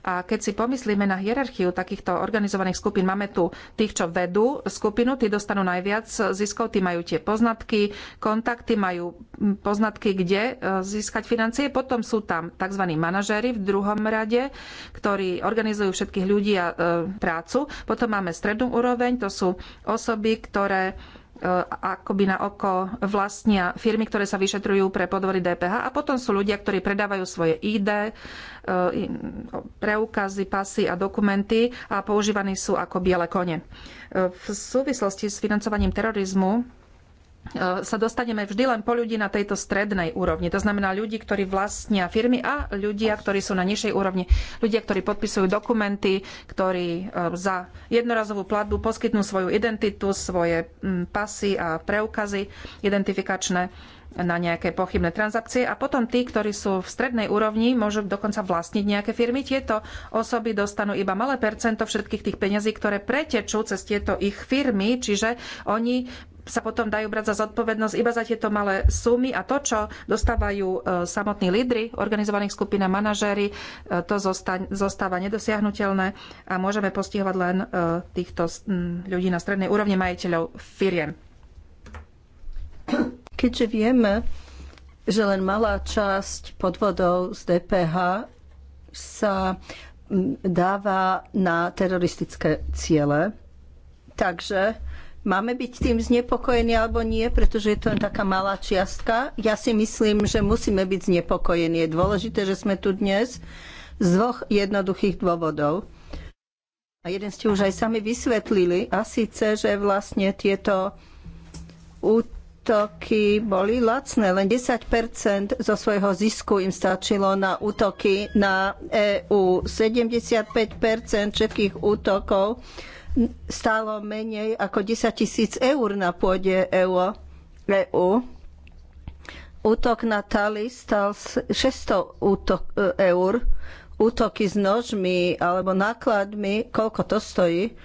S4: a keď si pomyslíme na hierarchiu takýchto organizovaných skupín, máme tu tých, čo vedú skupinu, tí dostanú najviac ziskov, tí majú tie poznatky, kontakty, majú poznatky, kde e, získať financie. Potom sú tam tzv. manažéri v druhom rade, ktorí organizujú všetkých ľudí a e, prácu. Potom máme strednú úroveň, to sú osoby, ktoré Eh, akoby na oko vlastnia firmy, ktoré sa vyšetrujú pre podvory DPH a potom sú ľudia, ktorí predávajú svoje eh, ID, preukazy, pasy a dokumenty a používaní sú ako biele kone. Eh, v súvislosti s financovaním terorizmu E, sa dostaneme vždy len po ľudí na tejto strednej úrovni. To znamená ľudí, ktorí vlastnia firmy a ľudia, ktorí sú na nižšej úrovni. Ľudia, ktorí podpisujú dokumenty, ktorí e, za jednorazovú platbu poskytnú svoju identitu, svoje pasy a preukazy identifikačné na nejaké pochybné transakcie a potom tí, ktorí sú v strednej úrovni, môžu dokonca vlastniť nejaké firmy. Tieto osoby dostanú iba malé percento všetkých tých peňazí, ktoré pretečú cez tieto ich firmy, čiže oni sa potom dajú brať za zodpovednosť iba za tieto malé sumy a to, čo dostávajú e, samotní lídry organizovaných skupín a manažéri, e, to zostáva nedosiahnutelné a môžeme postihovať len e, týchto ľudí na strednej úrovni majiteľov firiem.
S3: Keďže vieme, že len malá časť podvodov z DPH sa dáva na teroristické ciele, takže Máme byť tým znepokojení alebo nie, pretože je to len taká malá čiastka. Ja si myslím, že musíme byť znepokojení. Je dôležité, že sme tu dnes z dvoch jednoduchých dôvodov. A jeden ste už aj sami vysvetlili, a síce, že vlastne tieto útoky boli lacné. Len 10 zo svojho zisku im stačilo na útoky na EÚ. 75 všetkých útokov stálo menej ako 10 tisíc eur na pôde EU. E útok na Tali stal 600 útok, e, eur. Útoky s nožmi alebo nákladmi, koľko to stojí?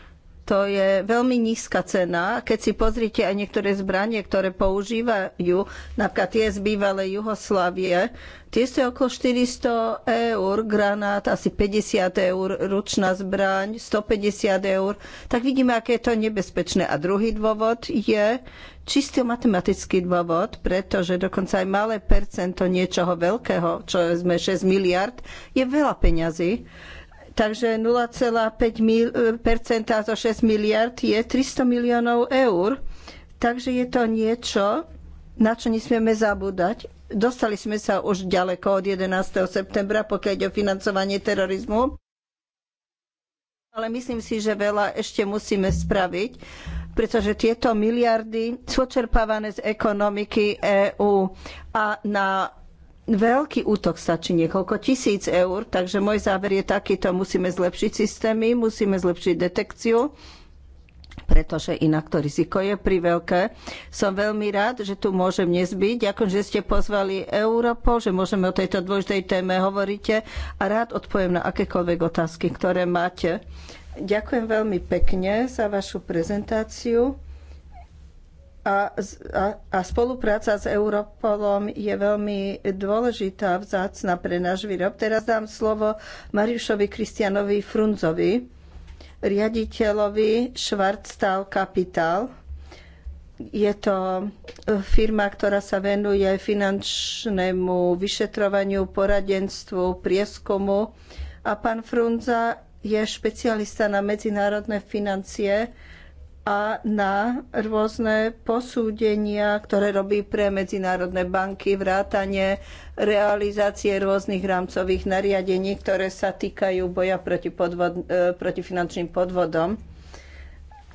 S3: To je veľmi nízka cena. Keď si pozrite aj niektoré zbranie, ktoré používajú, napríklad tie z bývalej Juhoslávie, tie sú okolo 400 eur, granát asi 50 eur, ručná zbraň 150 eur. Tak vidíme, aké je to nebezpečné. A druhý dôvod je čisto matematický dôvod, pretože dokonca aj malé percento niečoho veľkého, čo sme 6 miliard, je veľa peňazí. Takže 0,5 e, zo 6 miliard je 300 miliónov eur. Takže je to niečo, na čo nesmieme zabúdať. Dostali sme sa už ďaleko od 11. septembra, pokiaľ ide o financovanie terorizmu. Ale myslím si, že veľa ešte musíme spraviť, pretože tieto miliardy sú čerpávané z ekonomiky EÚ a na veľký útok stačí niekoľko tisíc eur, takže môj záver je takýto, musíme zlepšiť systémy, musíme zlepšiť detekciu, pretože inak to riziko je pri veľké. Som veľmi rád, že tu môžem dnes byť. Ďakujem, že ste pozvali Europol, že môžeme o tejto dôležitej téme hovoríte a rád odpoviem na akékoľvek otázky, ktoré máte. Ďakujem veľmi pekne za vašu prezentáciu a, a, a spolupráca s Europolom je veľmi dôležitá, vzácna pre náš výrob. Teraz dám slovo Mariušovi Kristianovi Frunzovi, riaditeľovi Schwarzstahl Capital. Je to firma, ktorá sa venuje finančnému vyšetrovaniu, poradenstvu, prieskumu. A pán Frunza je špecialista na medzinárodné financie a na rôzne posúdenia, ktoré robí pre medzinárodné banky, vrátanie realizácie rôznych rámcových nariadení, ktoré sa týkajú boja proti, podvod, e, proti finančným podvodom.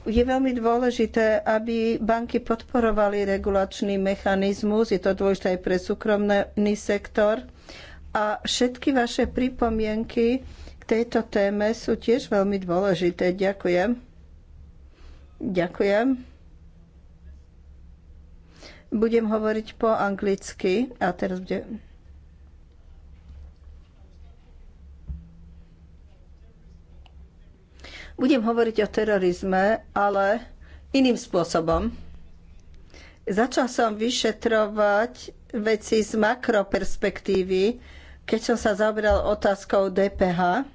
S3: Je veľmi dôležité, aby banky podporovali regulačný mechanizmus, je to dôležité aj pre súkromný sektor. A všetky vaše pripomienky k tejto téme sú tiež veľmi dôležité. Ďakujem. Ďakujem. Budem hovoriť po anglicky a teraz bude... Budem hovoriť o terorizme, ale iným spôsobom. Začal som vyšetrovať veci z makroperspektívy, keď som sa zaoberal otázkou DPH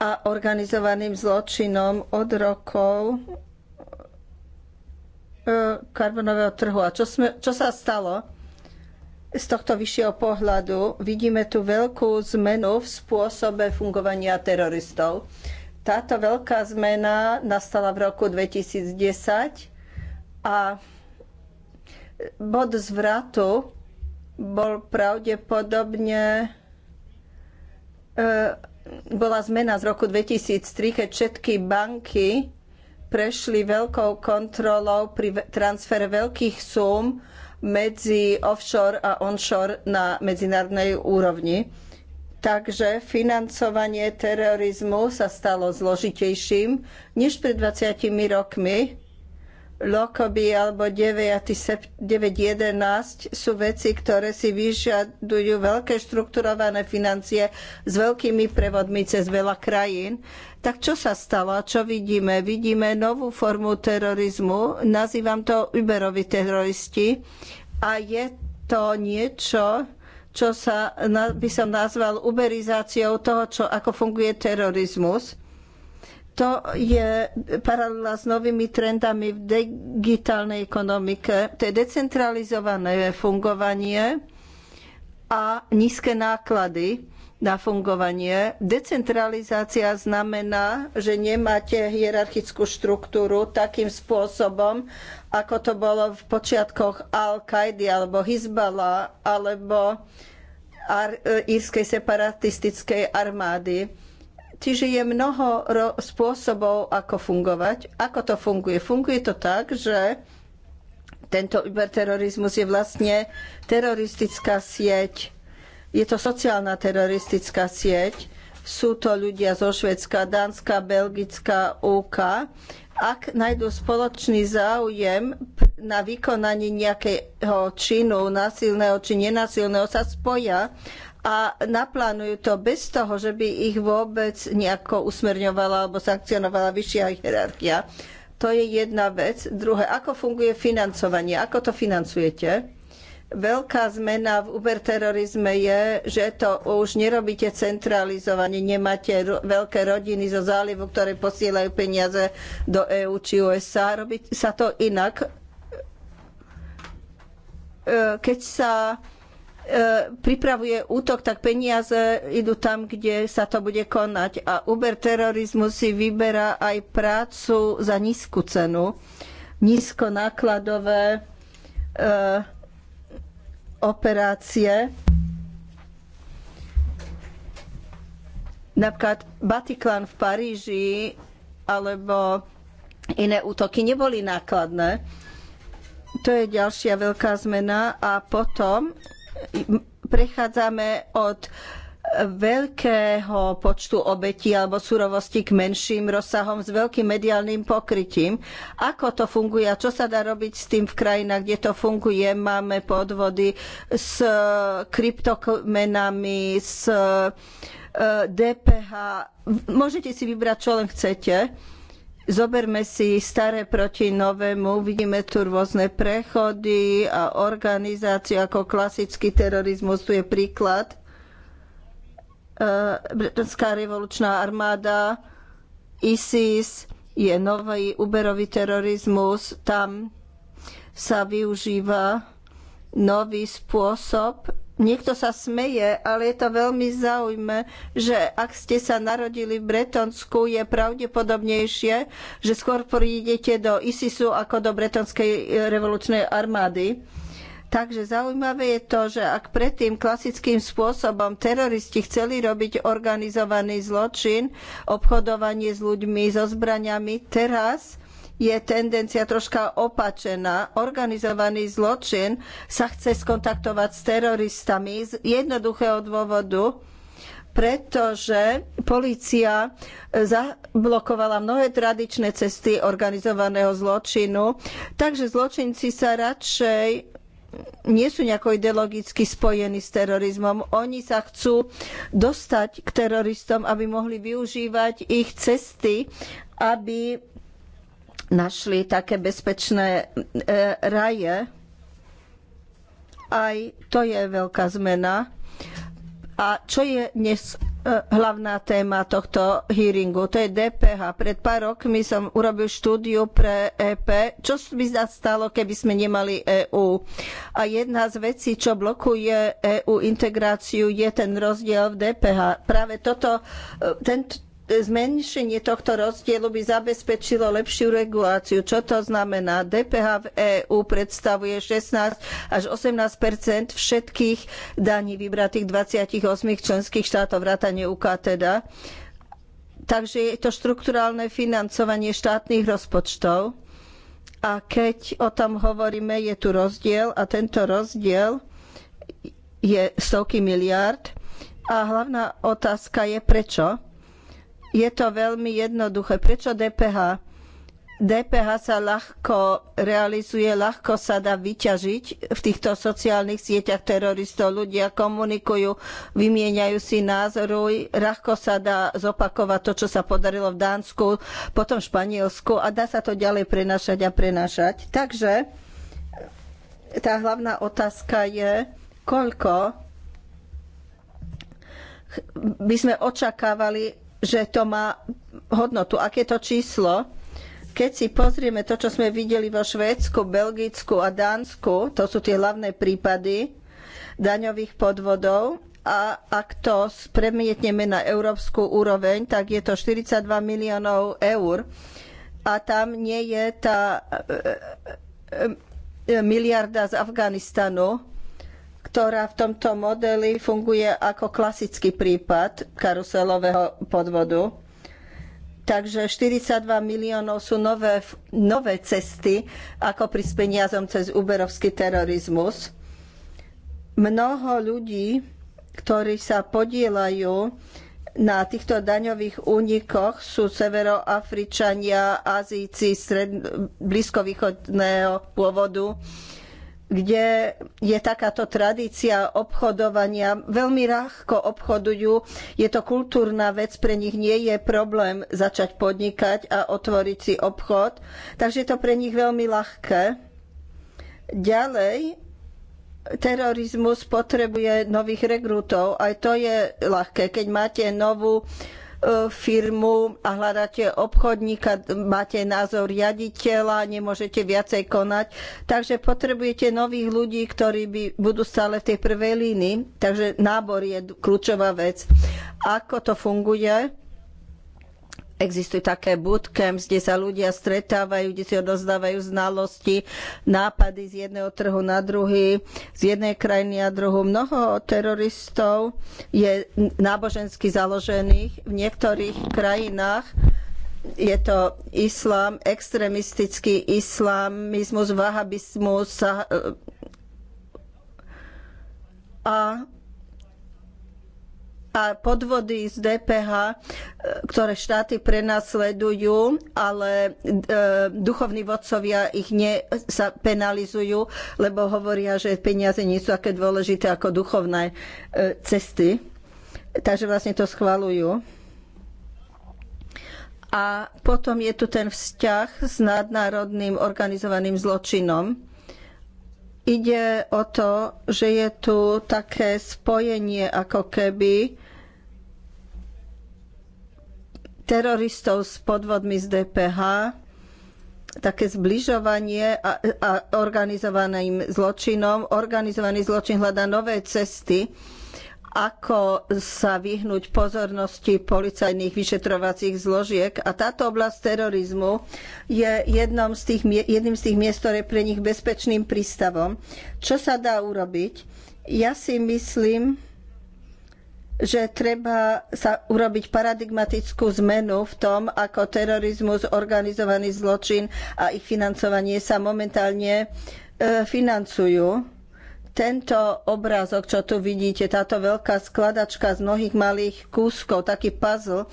S3: a organizovaným zločinom od rokov e, karbonového trhu. A čo, sme, čo sa stalo? Z tohto vyššieho pohľadu vidíme tu veľkú zmenu v spôsobe fungovania teroristov. Táto veľká zmena nastala v roku 2010 a bod zvratu bol pravdepodobne e, bola zmena z roku 2003, keď všetky banky prešli veľkou kontrolou pri transfere veľkých súm medzi offshore a onshore na medzinárodnej úrovni. Takže financovanie terorizmu sa stalo zložitejším než pred 20 rokmi Lokoby alebo 9.11 sú veci, ktoré si vyžadujú veľké štrukturované financie s veľkými prevodmi cez veľa krajín. Tak čo sa stalo? Čo vidíme? Vidíme novú formu terorizmu. Nazývam to Uberovi teroristi. A je to niečo, čo sa, by som nazval uberizáciou toho, čo, ako funguje terorizmus to je paralela s novými trendami v digitálnej ekonomike. To je decentralizované fungovanie a nízke náklady na fungovanie. Decentralizácia znamená, že nemáte hierarchickú štruktúru takým spôsobom, ako to bolo v počiatkoch Al-Kaidy alebo Hizbala alebo e, írskej separatistickej armády Čiže je mnoho spôsobov, ako fungovať. Ako to funguje? Funguje to tak, že tento kyberterorizmus je vlastne teroristická sieť. Je to sociálna teroristická sieť. Sú to ľudia zo Švedska, Dánska, Belgická, UK. Ak nájdú spoločný záujem na vykonanie nejakého činu, násilného či nenásilného, sa spoja a naplánujú to bez toho, že by ich vôbec nejako usmerňovala alebo sankcionovala vyššia hierarchia. To je jedna vec. Druhé, ako funguje financovanie? Ako to financujete? Veľká zmena v uberterorizme je, že to už nerobíte centralizovanie, nemáte veľké rodiny zo zálivu, ktoré posielajú peniaze do EÚ či USA. Robí sa to inak. E, keď sa E, pripravuje útok, tak peniaze idú tam, kde sa to bude konať. A Uber terorizmus si vyberá aj prácu za nízku cenu, nízkonákladové e, operácie. Napríklad Bataclan v Paríži alebo iné útoky neboli nákladné. To je ďalšia veľká zmena. A potom prechádzame od veľkého počtu obetí alebo surovosti k menším rozsahom s veľkým mediálnym pokrytím. Ako to funguje a čo sa dá robiť s tým v krajinách, kde to funguje? Máme podvody s kryptomenami, s DPH. Eh, Môžete si vybrať, čo len chcete Zoberme si staré proti novému, vidíme tu rôzne prechody a organizáciu ako klasický terorizmus, tu je príklad. E, Britská revolučná armáda, ISIS, je nový Uberový terorizmus, tam sa využíva nový spôsob Niekto sa smeje, ale je to veľmi zaujme, že ak ste sa narodili v Bretonsku, je pravdepodobnejšie, že skôr prídete do ISISu ako do Bretonskej e, revolučnej armády. Takže zaujímavé je to, že ak predtým klasickým spôsobom teroristi chceli robiť organizovaný zločin, obchodovanie s ľuďmi, so zbraniami, teraz je tendencia troška opačená. Organizovaný zločin sa chce skontaktovať s teroristami z jednoduchého dôvodu, pretože polícia e, zablokovala mnohé tradičné cesty organizovaného zločinu, takže zločinci sa radšej nie sú nejako ideologicky spojení s terorizmom. Oni sa chcú dostať k teroristom, aby mohli využívať ich cesty, aby našli také bezpečné e, raje. Aj to je veľká zmena. A čo je dnes e, hlavná téma tohto hearingu. To je DPH. Pred pár rokmi som urobil štúdiu pre EP, čo by sa stalo, keby sme nemali EÚ. A jedna z vecí, čo blokuje EÚ integráciu, je ten rozdiel v DPH. Práve toto, e, tento, zmenšenie tohto rozdielu by zabezpečilo lepšiu reguláciu. Čo to znamená? DPH v EÚ predstavuje 16 až 18 všetkých daní vybratých 28 členských štátov, vrátane UK teda. Takže je to štrukturálne financovanie štátnych rozpočtov. A keď o tom hovoríme, je tu rozdiel a tento rozdiel je stovky miliárd. A hlavná otázka je prečo? Je to veľmi jednoduché. Prečo DPH? DPH sa ľahko realizuje, ľahko sa dá vyťažiť v týchto sociálnych sieťach teroristov. Ľudia komunikujú, vymieňajú si názory, ľahko sa dá zopakovať to, čo sa podarilo v Dánsku, potom v Španielsku a dá sa to ďalej prenášať a prenášať. Takže tá hlavná otázka je, koľko by sme očakávali že to má hodnotu. Aké to číslo? Keď si pozrieme to, čo sme videli vo Švédsku, Belgicku a Dánsku, to sú tie hlavné prípady daňových podvodov, a ak to premietneme na európsku úroveň, tak je to 42 miliónov eur a tam nie je tá e, e, e, miliarda z Afganistanu, ktorá v tomto modeli funguje ako klasický prípad karuselového podvodu. Takže 42 miliónov sú nové, nové cesty, ako pri peniazom cez uberovský terorizmus. Mnoho ľudí, ktorí sa podielajú na týchto daňových únikoch sú severoafričania, Azíci, stred, blízkovýchodného pôvodu kde je takáto tradícia obchodovania, veľmi ľahko obchodujú. Je to kultúrna vec, pre nich nie je problém začať podnikať a otvoriť si obchod, takže je to pre nich veľmi ľahké. Ďalej, terorizmus potrebuje nových rekrutov, aj to je ľahké. Keď máte novú E, firmu a hľadáte obchodníka, máte názor riaditeľa, nemôžete viacej konať. Takže potrebujete nových ľudí, ktorí by budú stále v tej prvej línii. Takže nábor je kľúčová vec. Ako to funguje? Existujú také bootcamps, kde sa ľudia stretávajú, kde si odozdávajú znalosti, nápady z jedného trhu na druhý, z jednej krajiny na druhú. Mnoho teroristov je nábožensky založených. V niektorých krajinách je to islám, extrémistický islamizmus, vahabismus a a podvody z DPH, e, ktoré štáty prenasledujú, ale e, duchovní vodcovia ich ne, sa penalizujú, lebo hovoria, že peniaze nie sú také dôležité ako duchovné e, cesty. Takže vlastne to schvalujú. A potom je tu ten vzťah s nadnárodným organizovaným zločinom. Ide o to, že je tu také spojenie ako keby teroristov s podvodmi z DPH, také zbližovanie a, a organizovaným zločinom. Organizovaný zločin hľadá nové cesty, ako sa vyhnúť pozornosti policajných vyšetrovacích zložiek. A táto oblasť terorizmu je jednom z tých, jedným z tých miest, ktoré je pre nich bezpečným prístavom. Čo sa dá urobiť? Ja si myslím, že treba sa urobiť paradigmatickú zmenu v tom, ako terorizmus, organizovaný zločin a ich financovanie sa momentálne e, financujú. Tento obrázok, čo tu vidíte, táto veľká skladačka z mnohých malých kúskov, taký puzzle,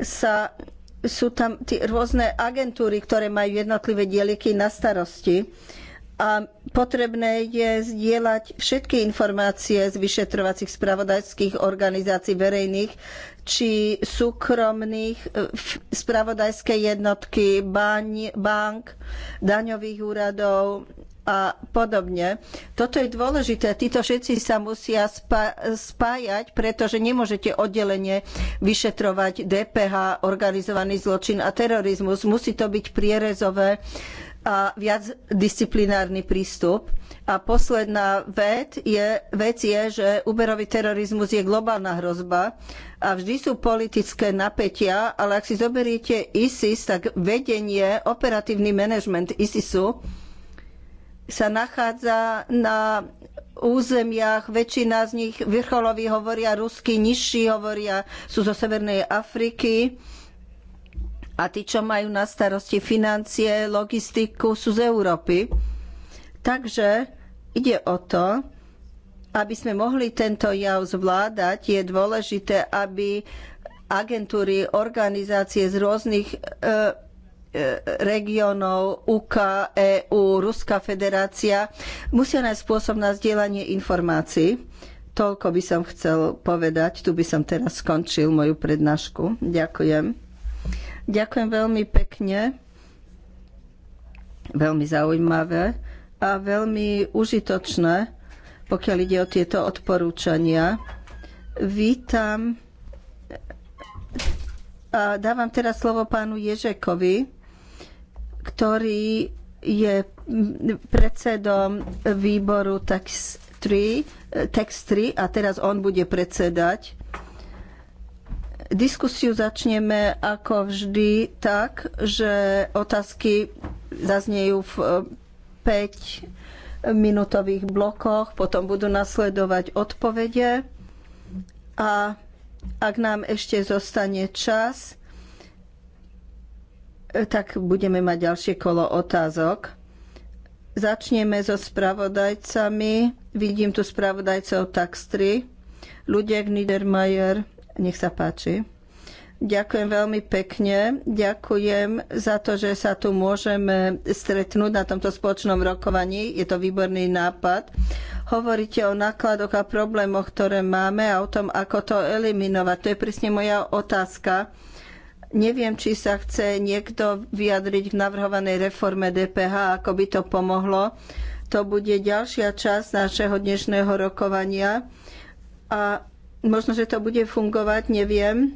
S3: sa, sú tam tie rôzne agentúry, ktoré majú jednotlivé dieliky na starosti. A Potrebné je zdieľať všetky informácie z vyšetrovacích spravodajských organizácií verejných či súkromných e, spravodajskej jednotky, baň, bank, daňových úradov a podobne. Toto je dôležité. Títo všetci sa musia spájať, pretože nemôžete oddelenie vyšetrovať DPH, organizovaný zločin a terorizmus. Musí to byť prierezové a viac disciplinárny prístup. A posledná vec je, vec je, že Uberový terorizmus je globálna hrozba a vždy sú politické napätia, ale ak si zoberiete ISIS, tak vedenie, operatívny manažment ISISu sa nachádza na územiach, väčšina z nich vrcholoví hovoria rusky, nižší hovoria, sú zo Severnej Afriky a tí, čo majú na starosti financie, logistiku, sú z Európy. Takže ide o to, aby sme mohli tento jav zvládať, je dôležité, aby agentúry, organizácie z rôznych e, e, regiónov UK, EU, Ruská federácia musia nájsť spôsob na zdieľanie informácií. Toľko by som chcel povedať. Tu by som teraz skončil moju prednášku. Ďakujem. Ďakujem veľmi pekne, veľmi zaujímavé a veľmi užitočné, pokiaľ ide o tieto odporúčania. Vítam a dávam teraz slovo pánu Ježekovi, ktorý je predsedom výboru text 3, 3 a teraz on bude predsedať Diskusiu začneme ako vždy tak, že otázky zaznejú v 5 e, minútových blokoch, potom budú nasledovať odpovede a ak nám ešte zostane čas, e, tak budeme mať ďalšie kolo otázok. Začneme so spravodajcami. Vidím tu spravodajcov Tax 3. Ľudia Niedermayer, nech sa páči. Ďakujem veľmi pekne. Ďakujem za to, že sa tu môžeme stretnúť na tomto spoločnom rokovaní. Je to výborný nápad. Hovoríte o nákladoch a problémoch, ktoré máme a o tom, ako to eliminovať. To je presne moja otázka. Neviem, či sa chce niekto vyjadriť v navrhovanej reforme DPH, ako by to pomohlo. To bude ďalšia časť našeho dnešného rokovania. A Možno, že to bude fungovať, neviem.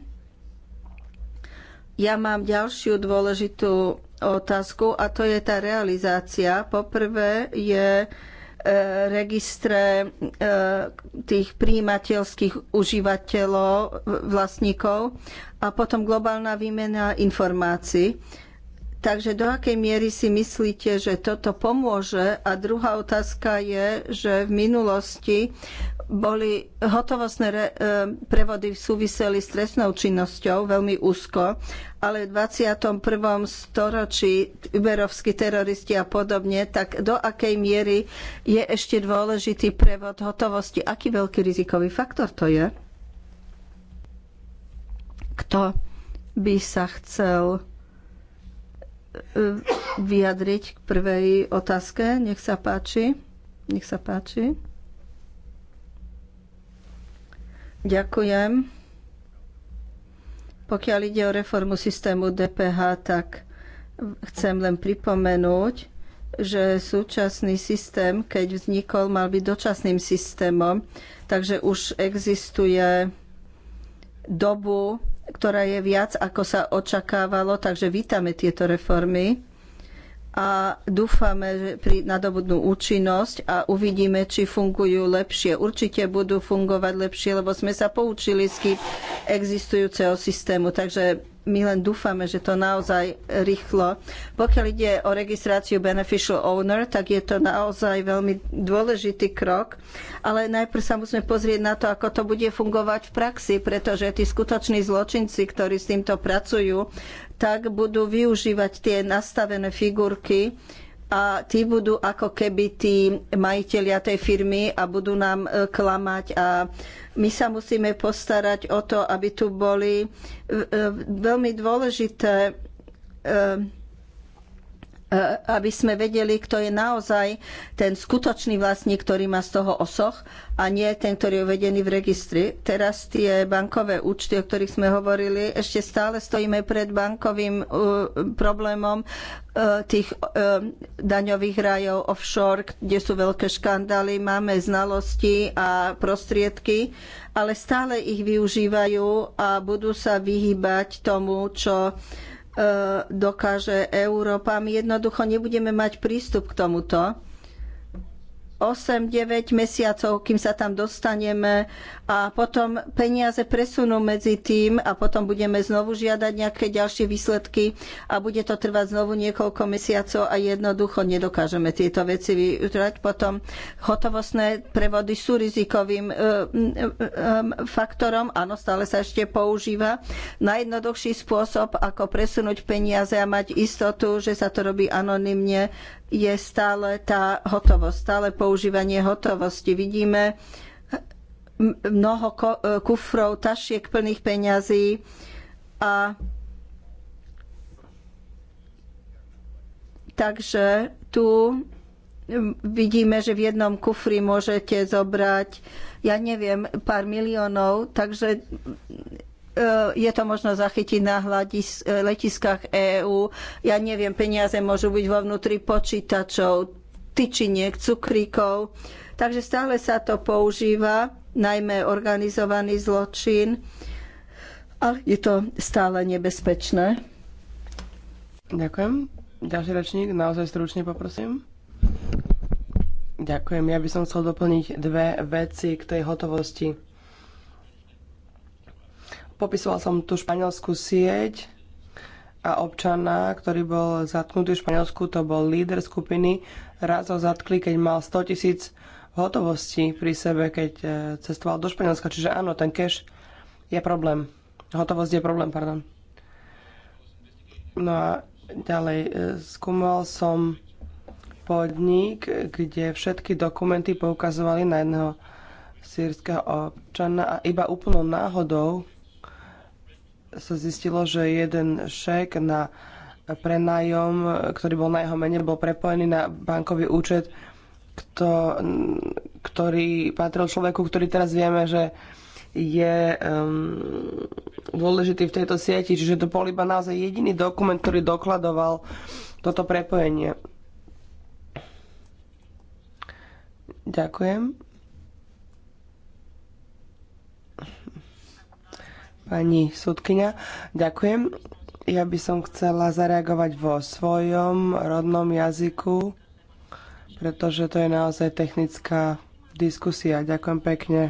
S3: Ja mám ďalšiu dôležitú otázku a to je tá realizácia. Poprvé je e, registre e, tých príjimateľských užívateľov, vlastníkov a potom globálna výmena informácií. Takže do akej miery si myslíte, že toto pomôže? A druhá otázka je, že v minulosti boli hotovostné re, e, prevody súviseli s trestnou činnosťou veľmi úzko, ale v 21. storočí uberovskí teroristi a podobne, tak do akej miery je ešte dôležitý prevod hotovosti? Aký veľký rizikový faktor to je? Kto by sa chcel vyjadriť k prvej otázke. Nech sa páči. Nech sa páči. Ďakujem. Pokiaľ ide o reformu systému DPH, tak chcem len pripomenúť, že súčasný systém, keď vznikol, mal byť dočasným systémom, takže už existuje dobu, ktorá je viac, ako sa očakávalo, takže vítame tieto reformy a dúfame, že pri nadobudnú účinnosť a uvidíme, či fungujú lepšie. Určite budú fungovať lepšie, lebo sme sa poučili z existujúceho systému. Takže my len dúfame, že to naozaj rýchlo. Pokiaľ ide o registráciu beneficial owner, tak je to naozaj veľmi dôležitý krok, ale najprv sa musíme pozrieť na to, ako to bude fungovať v praxi, pretože tí skutoční zločinci, ktorí s týmto pracujú, tak budú využívať tie nastavené figurky, a tí budú ako keby tí majiteľia tej firmy a budú nám e, klamať a my sa musíme postarať o to, aby tu boli e, veľmi dôležité e, E, aby sme vedeli, kto je naozaj ten skutočný vlastník, ktorý má z toho osoch a nie ten, ktorý je uvedený v registri. Teraz tie bankové účty, o ktorých sme hovorili, ešte stále stojíme pred bankovým e, problémom e, tých daňových rajov offshore, kde sú veľké škandály, máme znalosti a prostriedky, ale stále ich využívajú a budú sa vyhýbať tomu, čo E, dokáže Európa. My jednoducho nebudeme mať prístup k tomuto. 8-9 mesiacov, kým sa tam dostaneme a potom peniaze presunú medzi tým a potom budeme znovu žiadať nejaké ďalšie výsledky a bude to trvať znovu niekoľko mesiacov a jednoducho nedokážeme tieto veci vyutrať. Potom hotovostné prevody sú rizikovým e, e, faktorom, áno, stále sa ešte používa. Najjednoduchší spôsob, ako presunúť peniaze a mať istotu, že sa to robí anonymne, je stále tá hotovosť, stále používanie hotovosti. Vidíme mnoho kufrov, tašiek plných peňazí a takže tu vidíme, že v jednom kufri môžete zobrať, ja neviem, pár miliónov, takže Eh, je to možno zachytiť na eh, letiskách EÚ. Ja neviem, peniaze môžu byť vo vnútri počítačov, tyčiniek, cukríkov. Takže stále sa to používa, najmä
S1: organizovaný
S3: zločin, ale je to stále nebezpečné.
S1: Ďakujem. Ďalší ročník, naozaj stručne poprosím. Ďakujem. Ja by som chcel doplniť dve veci k tej hotovosti Popisoval som tú španielskú sieť a občana, ktorý bol zatknutý v Španielsku, to bol líder skupiny. Raz ho zatkli, keď mal 100 tisíc hotovosti pri sebe, keď e, cestoval do Španielska. Čiže áno, ten cash je problém. Hotovosť je problém, pardon. No a ďalej, e, skúmal som podnik, kde všetky dokumenty poukazovali na jedného sírskeho občana a iba úplnou náhodou sa zistilo, že jeden šek na prenájom, ktorý bol na jeho mene, bol prepojený na bankový účet, kto, ktorý patril človeku, ktorý teraz vieme, že je um, dôležitý v tejto sieti. Čiže to bol iba naozaj jediný dokument, ktorý dokladoval toto prepojenie. Ďakujem. Pani súdkyňa, ďakujem. Ja by som chcela zareagovať vo svojom rodnom jazyku, pretože to je naozaj technická diskusia. Ďakujem pekne.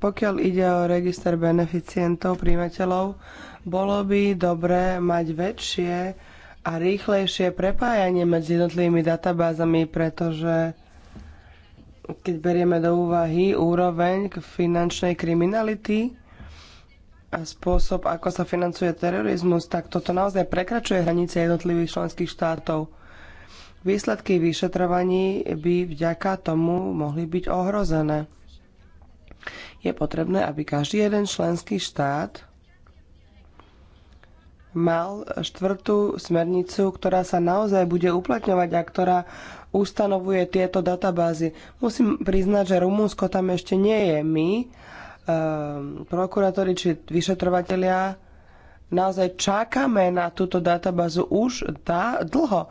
S1: Pokiaľ ide o register beneficientov, príjmateľov, bolo by dobré mať väčšie a rýchlejšie prepájanie medzi jednotlivými databázami, pretože keď berieme do úvahy úroveň finančnej kriminality a spôsob, ako sa financuje terorizmus, tak toto naozaj prekračuje hranice jednotlivých členských štátov. Výsledky vyšetrovaní by vďaka tomu mohli byť ohrozené. Je potrebné, aby každý jeden členský štát mal štvrtú smernicu, ktorá sa naozaj bude uplatňovať a ktorá ustanovuje tieto databázy. Musím priznať, že Rumunsko tam ešte nie je. My, um, prokurátori či vyšetrovatelia, naozaj čakáme na túto databázu už dá, dlho.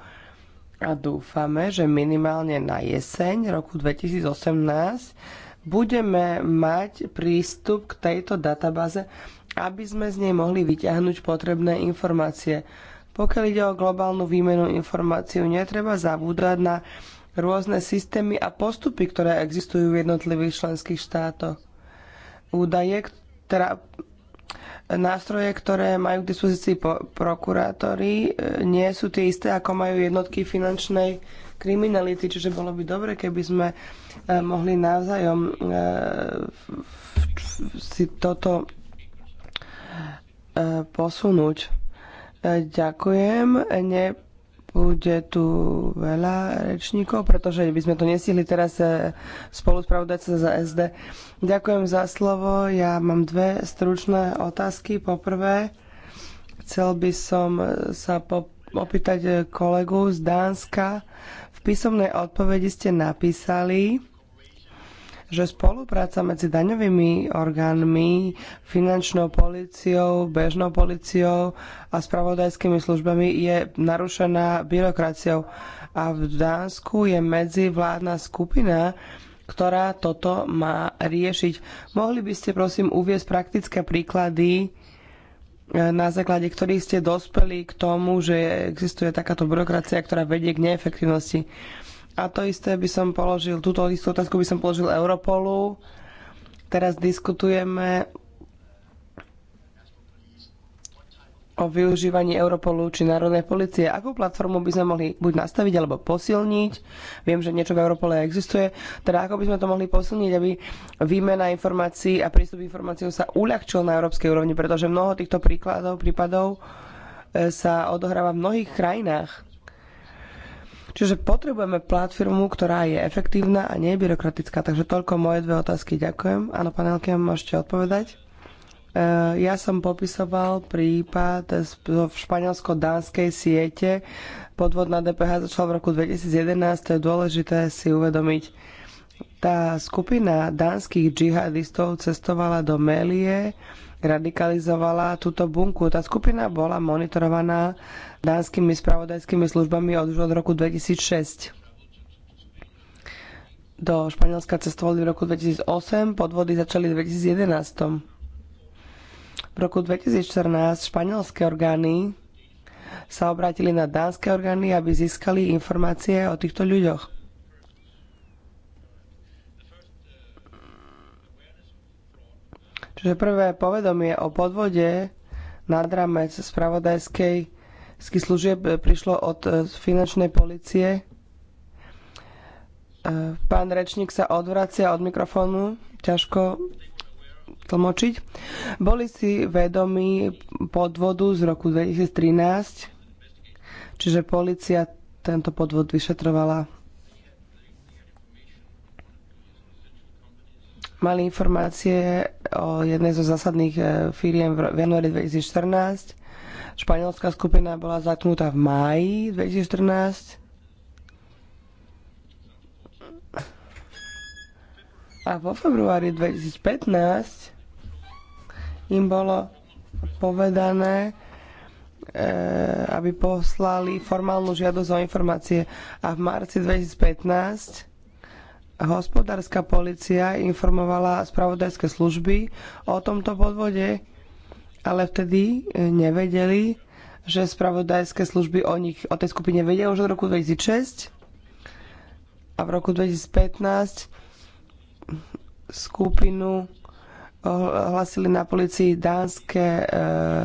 S1: A dúfame, že minimálne na jeseň roku 2018 budeme mať prístup k tejto databáze aby sme z nej mohli vyťahnuť potrebné informácie. Pokiaľ ide o globálnu výmenu informácií, netreba zabúdať na rôzne systémy a postupy, ktoré existujú v jednotlivých členských štátoch. Údaje, ktorá, nástroje, ktoré majú k dispozícii prokurátori, e, nie sú tie isté, ako majú jednotky finančnej kriminality, čiže bolo by dobre, keby sme e, mohli navzájom e, si toto posunúť. Ďakujem. Nebude tu veľa rečníkov, pretože by sme to nestihli teraz eh, spolu spravodajca za SD. Ďakujem za slovo. Ja mám dve stručné otázky. Poprvé, chcel by som eh, sa opýtať eh, kolegu z Dánska. V písomnej odpovedi ste napísali, že spolupráca medzi daňovými orgánmi, finančnou policiou, bežnou policiou a spravodajskými službami je narušená byrokraciou. A v Dánsku je medzivládna skupina, ktorá toto má riešiť. Mohli by ste prosím uviesť praktické príklady, e, na základe ktorých ste dospeli k tomu, že existuje takáto byrokracia, ktorá vedie k neefektivnosti. A to isté by som položil, túto istú otázku by som položil Europolu. Teraz diskutujeme o využívaní Europolu či Národnej policie. Akú platformu by sme mohli buď nastaviť alebo posilniť? Viem, že niečo v Europole existuje. Teda ako by sme to mohli posilniť, aby výmena informácií a prístup informáciou sa uľahčil na európskej úrovni, pretože mnoho týchto príkladov, prípadov e, sa odohráva v mnohých krajinách Čiže potrebujeme platformu, ktorá je efektívna a nie je byrokratická. Takže toľko moje dve otázky. Ďakujem. Áno, pán môžete odpovedať. E, ja som popisoval prípad v španielsko-dánskej siete. Podvod na DPH začal v roku 2011, to je dôležité si uvedomiť. Tá skupina dánskych džihadistov cestovala do Melie, radikalizovala túto bunku. Tá skupina bola monitorovaná dánskymi spravodajskými službami od už od roku 2006. Do Španielska cestovali v roku 2008, podvody začali v 2011. V roku 2014 španielské orgány sa obrátili na dánske orgány, aby získali informácie o týchto ľuďoch. že prvé povedomie o podvode nad rámec spravodajskej služieb e, prišlo od e, finančnej policie. E, pán rečník sa odvracia od mikrofónu, ťažko tlmočiť. Boli si vedomí podvodu z roku 2013, čiže policia tento podvod vyšetrovala mali informácie o jednej zo zásadných e, firiem v januári 2014. Španielská skupina bola zatknutá v máji 2014. A vo februári 2015 im bolo povedané, e, aby poslali formálnu žiadosť o informácie. A v marci 2015 hospodárska policia informovala spravodajské služby o tomto podvode, ale vtedy e, nevedeli, že spravodajské služby o, nich, o tej skupine vedia už od roku 2006 a v roku 2015 skupinu e, hlasili na policii dánske e,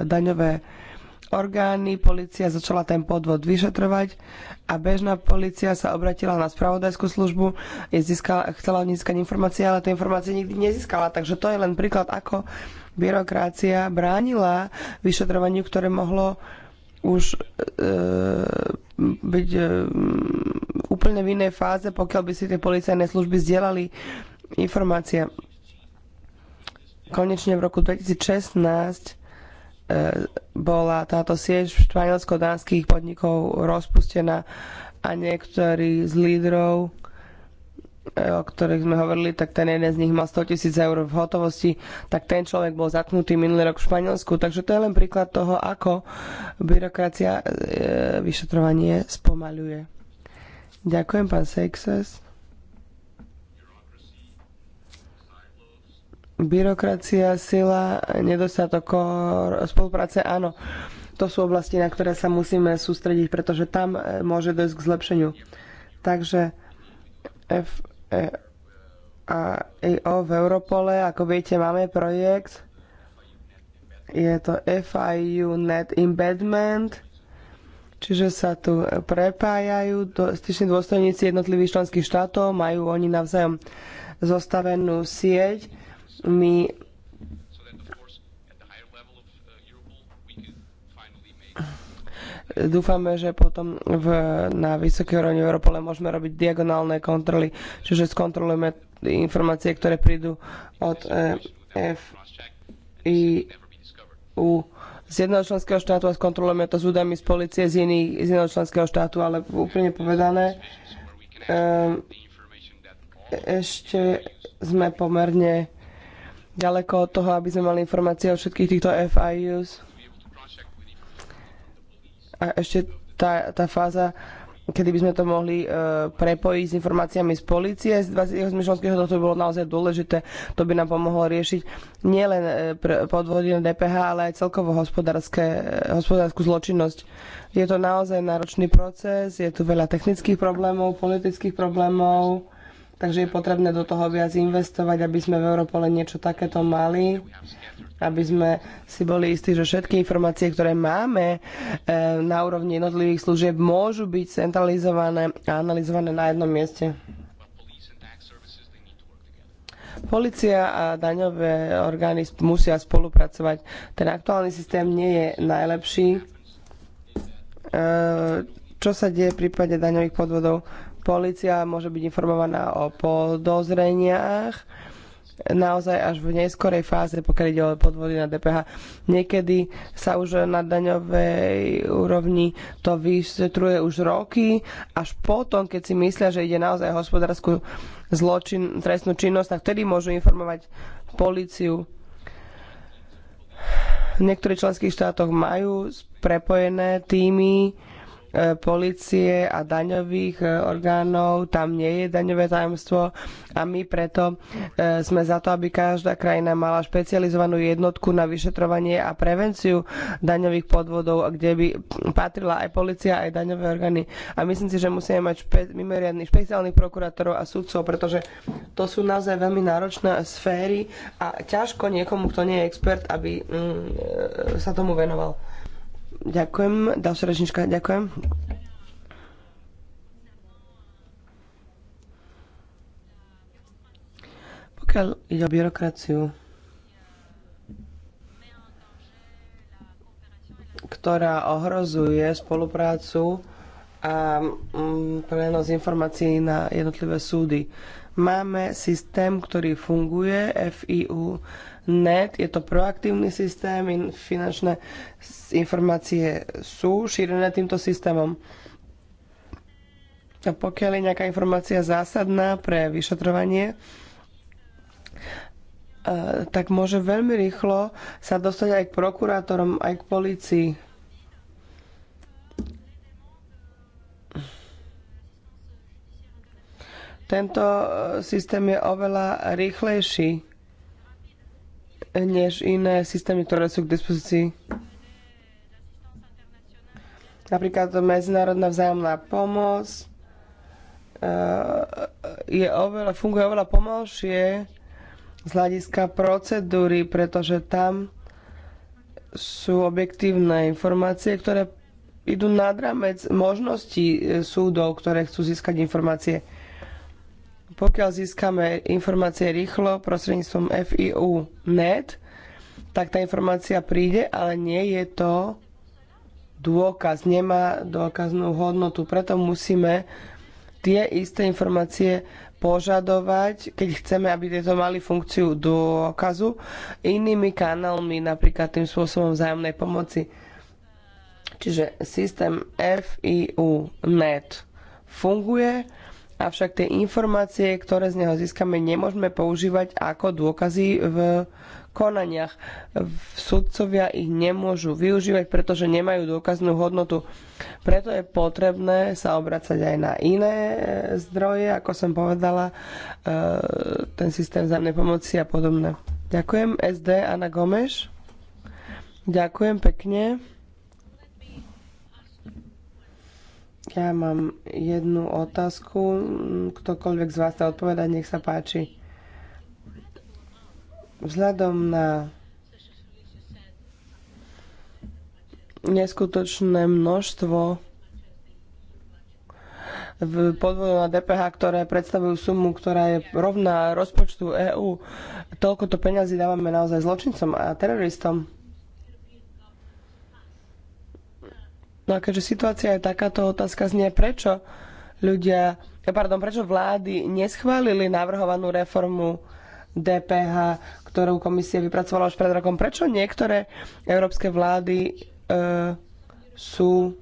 S1: daňové orgány, policia začala ten podvod vyšetrovať a bežná policia sa obratila na spravodajskú službu, je získala, chcela získať informácie, ale tie informácie nikdy nezískala. Takže to je len príklad, ako byrokracia bránila vyšetrovaniu, ktoré mohlo už e, byť e, úplne v inej fáze, pokiaľ by si tie policajné služby zdieľali informácie. Konečne v roku 2016 E, bola táto sieť španielsko-dánskych podnikov rozpustená a niektorí z lídrov, e, o ktorých sme hovorili, tak ten jeden z nich mal 100 tisíc eur v hotovosti, tak ten človek bol zatknutý minulý rok v Španielsku. Takže to je len príklad toho, ako byrokracia e, vyšetrovanie spomaľuje. Ďakujem, pán Sexes. Byrokracia, sila, nedostatok spolupráce, áno. To sú oblasti, na ktoré sa musíme sústrediť, pretože tam e, môže dojsť k zlepšeniu. Takže FAO e, v Europole, ako viete, máme projekt. Je to FIU Net Embedment, čiže sa tu prepájajú styční dôstojníci jednotlivých členských štátov, majú oni navzájom zostavenú sieť my dúfame, že potom v, na vysokej úrovni Europole môžeme robiť diagonálne kontroly, čiže skontrolujeme informácie, ktoré prídu od e, eh, FIU z jedného členského štátu a skontrolujeme to s údajmi z policie z, iných, z iného členského štátu, ale úplne povedané, eh, ešte sme pomerne ďaleko od toho, aby sme mali informácie o všetkých týchto FIUs. A ešte tá, tá fáza, kedy by sme to mohli uh, prepojiť s informáciami z policie z 28. členského, to by bolo naozaj dôležité. To by nám pomohlo riešiť nielen uh, e, podvody na DPH, ale aj celkovo hospodárske, e, hospodárskú zločinnosť. Je to naozaj náročný proces, je tu veľa technických problémov, politických problémov Takže je potrebné do toho viac investovať, aby sme v Europole niečo takéto mali, aby sme si boli istí, že všetky informácie, ktoré máme eh, na úrovni jednotlivých služieb, môžu byť centralizované a analyzované na jednom mieste. Polícia a daňové orgány musia spolupracovať. Ten aktuálny systém nie je najlepší. Eh, čo sa deje v prípade daňových podvodov? Polícia môže byť informovaná o podozreniach naozaj až v neskorej fáze, pokiaľ ide o podvody na DPH. Niekedy sa už na daňovej úrovni to vyšetruje už roky, až potom, keď si myslia, že ide naozaj hospodárskú zločin, trestnú činnosť, tak vtedy môžu informovať policiu. V niektorých členských štátoch majú prepojené týmy E, policie a daňových e, orgánov, tam nie je daňové tajomstvo a my preto e, sme za to, aby každá krajina mala špecializovanú jednotku na vyšetrovanie a prevenciu daňových podvodov, kde by patrila aj policia, aj daňové orgány. A myslím si, že musíme mať špe- mimoriadných špeciálnych prokurátorov a sudcov, pretože to sú naozaj veľmi náročné sféry a ťažko niekomu, kto nie je expert, aby mm, sa tomu venoval. Ďakujem. Ďalšia rečnička, ďakujem. Pokiaľ ide o byrokraciu, ktorá ohrozuje spoluprácu a mm, prenos informácií na jednotlivé súdy. Máme systém, ktorý funguje, FIU net. Je to proaktívny systém, finančné informácie sú šírené týmto systémom. A pokiaľ je nejaká informácia zásadná pre vyšetrovanie, e, tak môže veľmi rýchlo sa dostať aj k prokurátorom, aj k policii. Tento e, systém je oveľa rýchlejší než iné systémy, ktoré sú k dispozícii. Napríklad medzinárodná vzájomná pomoc eh, je oveľa, funguje oveľa pomalšie z hľadiska procedúry, pretože tam sú objektívne informácie, ktoré idú nad rámec možností eh, súdov, ktoré chcú získať informácie. Pokiaľ získame informácie rýchlo prostredníctvom FIU net, tak tá informácia príde, ale nie je to dôkaz, nemá dôkaznú hodnotu. Preto musíme tie isté informácie požadovať, keď chceme, aby tieto mali funkciu dôkazu, inými kanálmi, napríklad tým spôsobom vzájomnej pomoci. Čiže systém FIU net funguje, avšak tie informácie, ktoré z neho získame, nemôžeme používať ako dôkazy v konaniach. Sudcovia ich nemôžu využívať, pretože nemajú dôkaznú hodnotu. Preto je potrebné sa obracať aj na iné e, zdroje, ako som povedala, e, ten systém vzájomnej pomoci a podobné. Ďakujem SD Ana Gomeš. Ďakujem pekne. Ja mám jednu otázku. Ktokoľvek z vás chce odpovedať, nech sa páči. Vzhľadom na neskutočné množstvo podvodov na DPH, ktoré predstavujú sumu, ktorá je rovná rozpočtu EÚ. Toľkoto peňazí dávame naozaj zločincom a teroristom. No a keďže situácia je takáto, otázka znie, prečo ľudia, eh, pardon, prečo vlády neschválili navrhovanú reformu DPH, ktorú komisia vypracovala už pred rokom. Prečo niektoré európske vlády e, sú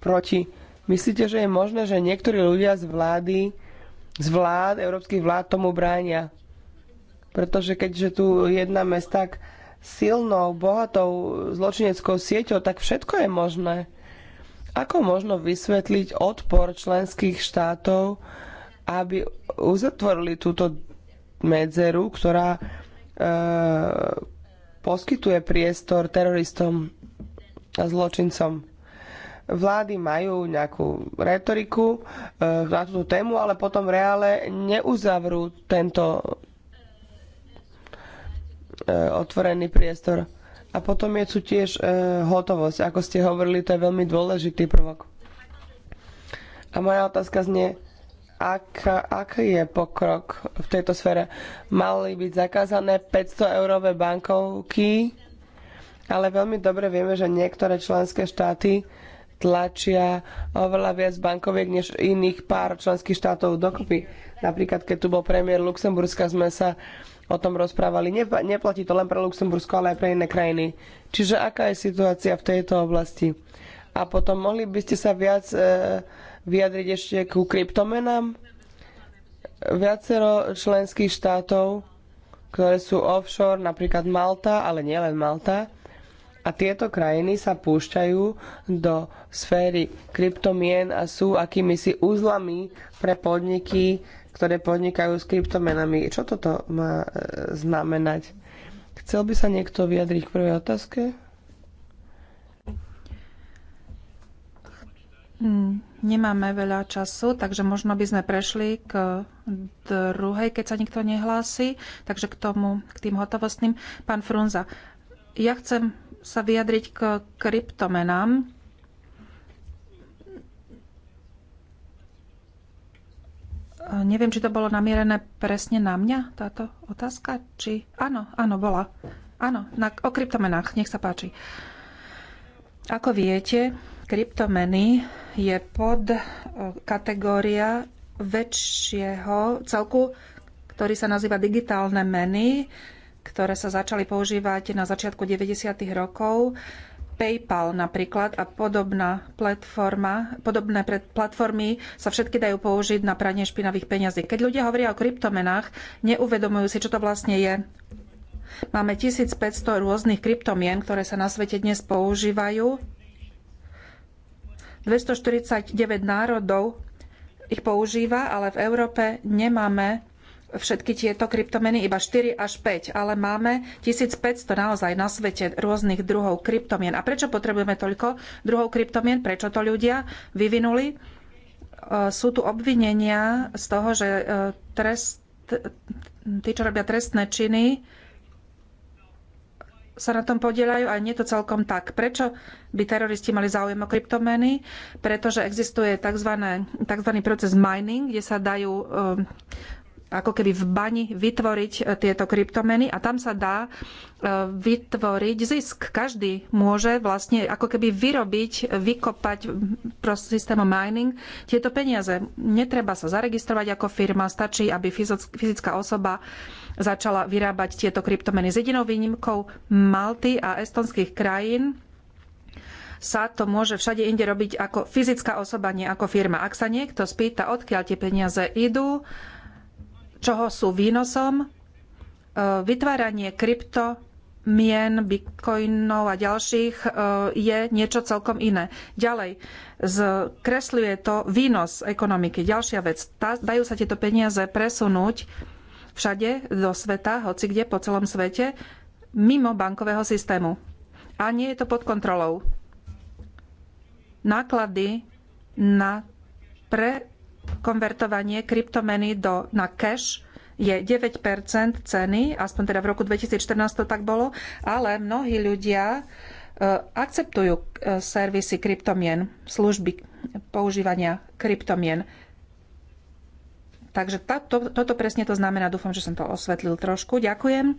S1: proti? Myslíte, že je možné, že niektorí ľudia z vlády, z vlád, európskych vlád tomu bránia? Pretože keďže tu jednáme tak silnou, bohatou zločineckou sieťou, tak všetko je možné. Ako možno vysvetliť odpor členských štátov, aby uzatvorili túto medzeru, ktorá e, poskytuje priestor teroristom a zločincom? vlády majú nejakú retoriku e, na túto tému, ale potom reále neuzavrú tento E, otvorený priestor. A potom je tu tiež e, hotovosť. Ako ste hovorili, to je veľmi dôležitý prvok. A moja otázka znie, ak, aký je pokrok v tejto sfére? Mali byť zakázané 500 eurové bankovky, ale veľmi dobre vieme, že niektoré členské štáty tlačia oveľa viac bankoviek než iných pár členských štátov dokopy. Napríklad, keď tu bol premiér Luxemburska, sme sa o tom rozprávali. Neplatí to len pre Luxembursko, ale aj pre iné krajiny. Čiže aká je situácia v tejto oblasti? A potom mohli by ste sa viac e, vyjadriť ešte ku kryptomenám? Viacero členských štátov, ktoré sú offshore, napríklad Malta, ale nielen Malta, a tieto krajiny sa púšťajú do sféry kryptomien a sú si uzlami pre podniky ktoré podnikajú s kryptomenami. Čo toto má e, znamenať? Chcel by sa niekto vyjadriť k prvej otázke?
S4: Hm, nemáme veľa času, takže možno by sme prešli k druhej, keď sa nikto nehlási. Takže k tomu, k tým hotovostným. Pán Frunza, ja chcem sa vyjadriť k kryptomenám. Eh, neviem, či to bolo namierené presne na mňa, táto otázka, či... Áno, áno, bola. Áno, na, o kryptomenách, nech sa páči. Ako viete, kryptomeny je pod eh, kategória väčšieho celku, ktorý sa nazýva digitálne meny, ktoré sa začali používať na začiatku 90. rokov PayPal napríklad a podobná platforma, podobné platformy sa všetky dajú použiť na pranie špinavých peňazí. Keď ľudia hovoria o kryptomenách, neuvedomujú si, čo to vlastne je. Máme 1500 rôznych kryptomien, ktoré sa na svete dnes používajú. 249 národov ich používa, ale v Európe nemáme všetky tieto kryptomeny, iba 4 až 5, ale máme 1500 naozaj na svete rôznych druhov kryptomien. A prečo potrebujeme toľko druhov kryptomien? Prečo to ľudia vyvinuli? E, sú tu obvinenia z toho, že e, trest, tí, čo robia trestné činy, sa na tom podielajú a nie je to celkom tak. Prečo by teroristi mali záujem o kryptomeny? Pretože existuje tzv. tzv. proces mining, kde sa dajú e, ako keby v bani vytvoriť e, tieto kryptomeny a tam sa dá e, vytvoriť zisk. Každý môže vlastne ako keby vyrobiť, vykopať systémom mining tieto peniaze. Netreba sa zaregistrovať ako firma, stačí, aby fyzická osoba začala vyrábať tieto kryptomeny. S jedinou výnimkou Malty a estonských krajín sa to môže všade inde robiť ako fyzická osoba, nie ako firma. Ak sa niekto spýta, odkiaľ tie peniaze idú, čoho sú výnosom, e, vytváranie kryptomien, bitcoinov a ďalších e, je niečo celkom iné. Ďalej, kresľuje to výnos ekonomiky. Ďalšia vec, dajú sa tieto peniaze presunúť všade do sveta, hoci kde po celom svete, mimo bankového systému. A nie je to pod kontrolou. Náklady na pre konvertovanie kryptomeny do, na cash je 9 ceny, aspoň teda v roku 2014 to tak bolo, ale mnohí ľudia e, akceptujú e, servisy kryptomien, služby používania kryptomien. Takže tá, to, toto presne to znamená. Dúfam, že som to osvetlil trošku. Ďakujem.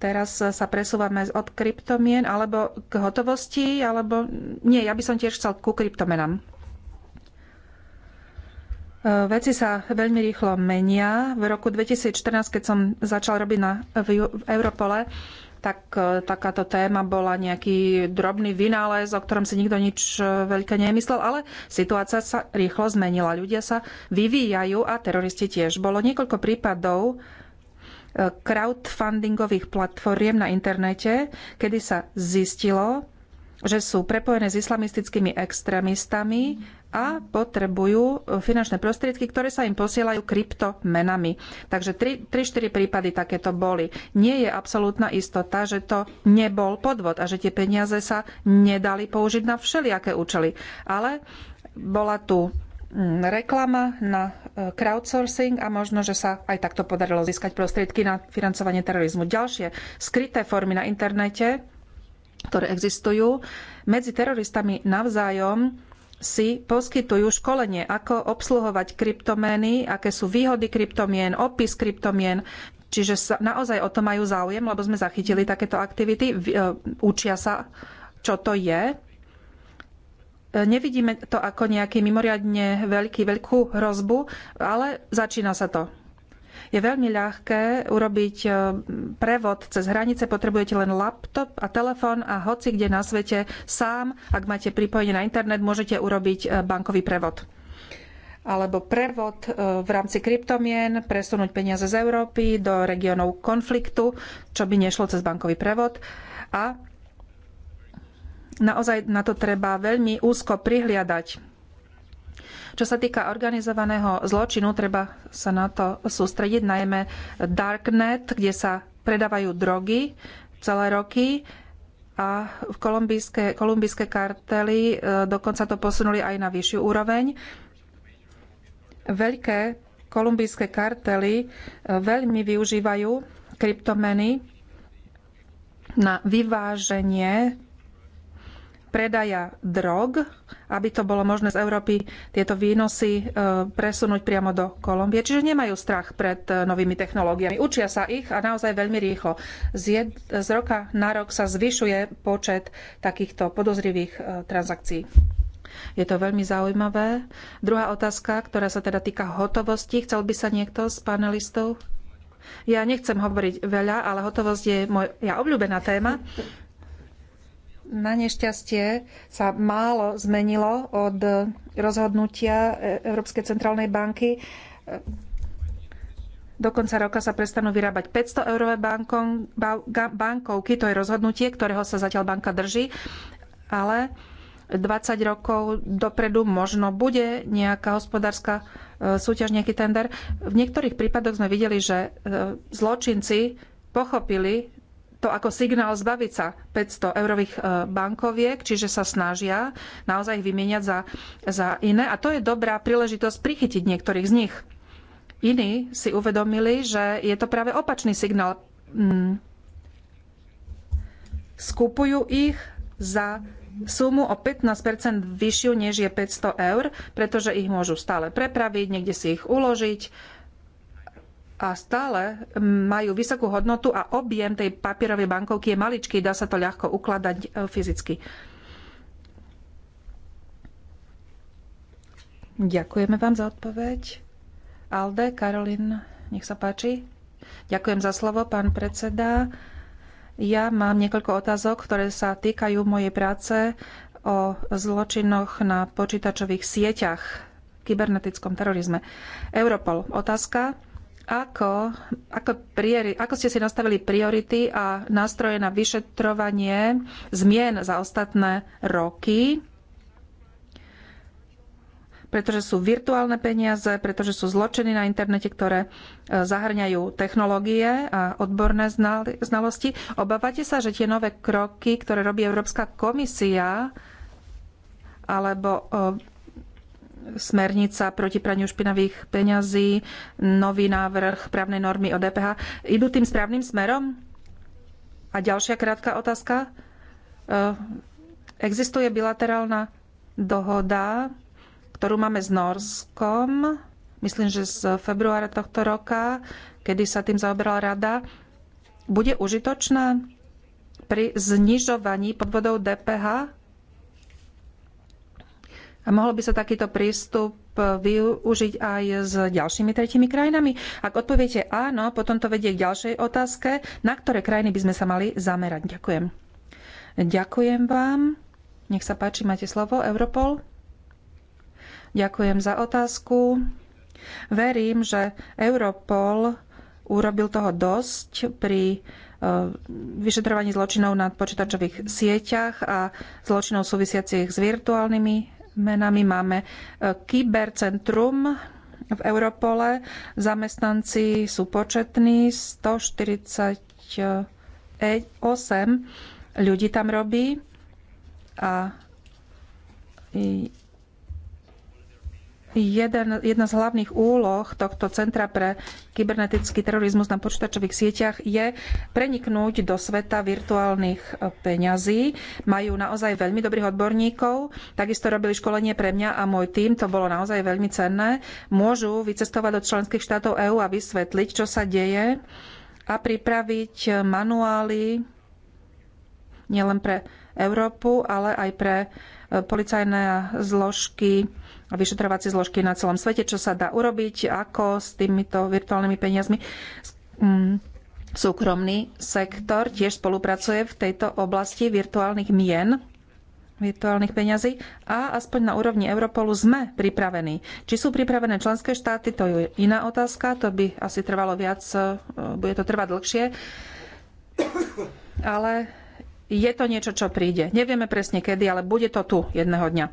S4: Teraz sa presúvame od kryptomien alebo k hotovosti, alebo nie, ja by som tiež chcel ku kryptomenám. E, veci sa veľmi rýchlo menia. V roku 2014, keď som začal robiť na, v, v Europole, tak e, takáto téma bola nejaký drobný vynález, o ktorom si nikto nič e, veľké nemyslel, ale situácia sa rýchlo zmenila. Ľudia sa vyvíjajú a teroristi tiež. Bolo niekoľko prípadov crowdfundingových platformiem na internete, kedy sa zistilo, že sú prepojené s islamistickými extrémistami, a potrebujú e, finančné prostriedky, ktoré sa im posielajú kryptomenami. Takže 3-4 prípady takéto boli. Nie je absolútna istota, že to nebol podvod a že tie peniaze sa nedali použiť na všelijaké účely. Ale bola tu mm, reklama na e, crowdsourcing a možno, že sa aj takto podarilo získať prostriedky na financovanie terorizmu. Ďalšie skryté formy na internete, ktoré existujú, medzi teroristami navzájom si poskytujú školenie, ako obsluhovať kryptomény, aké sú výhody kryptomien, opis kryptomien. Čiže sa, naozaj o to majú záujem, lebo sme zachytili takéto aktivity, e, učia sa, čo to je. E, nevidíme to ako nejaký mimoriadne veľký, veľkú hrozbu, ale začína sa to je veľmi ľahké urobiť e, prevod cez hranice. Potrebujete len laptop a telefón a hoci kde na svete sám, ak máte pripojenie na internet, môžete urobiť e, bankový prevod alebo prevod e, v rámci kryptomien, presunúť peniaze z Európy do regiónov konfliktu, čo by nešlo cez bankový prevod. A naozaj na to treba veľmi úzko prihliadať čo sa týka organizovaného zločinu, treba sa na to sústrediť, najmä Darknet, kde sa predávajú drogy celé roky a v kolumbijské, kolumbijské kartely e, dokonca to posunuli aj na vyššiu úroveň. Veľké kolumbijské kartely e, veľmi využívajú kryptomeny na vyváženie predaja drog, aby to bolo možné z Európy tieto výnosy e, presunúť priamo do Kolumbie. Čiže nemajú strach pred e, novými technológiami. Učia sa ich a naozaj veľmi rýchlo. Z, jed, z roka na rok sa zvyšuje počet takýchto podozrivých e, transakcií. Je to veľmi zaujímavé. Druhá otázka, ktorá sa teda týka hotovosti. Chcel by sa niekto z panelistov? Ja nechcem hovoriť veľa, ale hotovosť je moja obľúbená téma. Na nešťastie sa málo zmenilo od rozhodnutia e- Európskej centrálnej banky. Do konca roka sa prestanú vyrábať 500 eurové bankovky, to je rozhodnutie, ktorého sa zatiaľ banka drží, ale 20 rokov dopredu možno bude nejaká hospodárska e, súťaž, nejaký tender. V niektorých prípadoch sme videli, že e, zločinci pochopili to ako signál zbaviť sa 500 eurových e, bankoviek, čiže sa snažia naozaj ich vymieňať za, za iné. A to je dobrá príležitosť prichytiť niektorých z nich. Iní si uvedomili, že je to práve opačný signál. Mm. Skupujú ich za sumu o 15 vyššiu, než je 500 eur, pretože ich môžu stále prepraviť, niekde si ich uložiť, a stále majú vysokú hodnotu a objem tej papierovej bankovky je maličký, dá sa to ľahko ukladať e, fyzicky. Ďakujeme vám za odpoveď. Alde, Karolín, nech sa páči. Ďakujem za slovo, pán predseda. Ja mám niekoľko otázok, ktoré sa týkajú mojej práce o zločinoch na počítačových sieťach, kybernetickom terorizme. Europol, otázka ako, ako, priori, ako ste si nastavili priority a nástroje na vyšetrovanie zmien za ostatné roky? pretože sú virtuálne peniaze, pretože sú zločiny na internete, ktoré e, zahrňajú technológie a odborné znalosti. Obávate sa, že tie nové kroky, ktoré robí Európska komisia, alebo e, smernica proti praniu špinavých peňazí, nový návrh právnej normy o DPH. Idú tým správnym smerom? A ďalšia krátka otázka. E, existuje bilaterálna dohoda, ktorú máme s Norskom, myslím, že z februára tohto roka, kedy sa tým zaoberala rada, bude užitočná pri znižovaní podvodov DPH a mohol by sa takýto prístup e, využiť aj s ďalšími tretími krajinami? Ak odpoviete áno, potom to vedie k ďalšej otázke, na ktoré krajiny by sme sa mali zamerať. Ďakujem. Ďakujem vám. Nech sa páči, máte slovo, Europol. Ďakujem za otázku. Verím, že Europol urobil toho dosť pri e, vyšetrovaní zločinov na počítačových sieťach a zločinov súvisiacich s virtuálnymi menami máme e, Kybercentrum v Europole. Zamestnanci sú početní, 148 ľudí tam robí a Jeden, jedna z hlavných úloh tohto Centra pre kybernetický terorizmus na počítačových sieťach je preniknúť do sveta virtuálnych peňazí. Majú naozaj veľmi dobrých odborníkov. Takisto robili školenie pre mňa a môj tým. To bolo naozaj veľmi cenné. Môžu vycestovať do členských štátov EÚ a vysvetliť, čo sa deje a pripraviť manuály nielen pre Európu, ale aj pre policajné zložky vyšetrovacie zložky na celom svete, čo sa dá urobiť, ako s týmito virtuálnymi peniazmi. Mm, súkromný sektor tiež spolupracuje v tejto oblasti virtuálnych mien, virtuálnych peňazí a aspoň na úrovni Europolu sme pripravení. Či sú pripravené členské štáty, to je iná otázka, to by asi trvalo viac, e, bude to trvať dlhšie, ale je to niečo, čo príde. Nevieme presne kedy, ale bude to tu jedného dňa.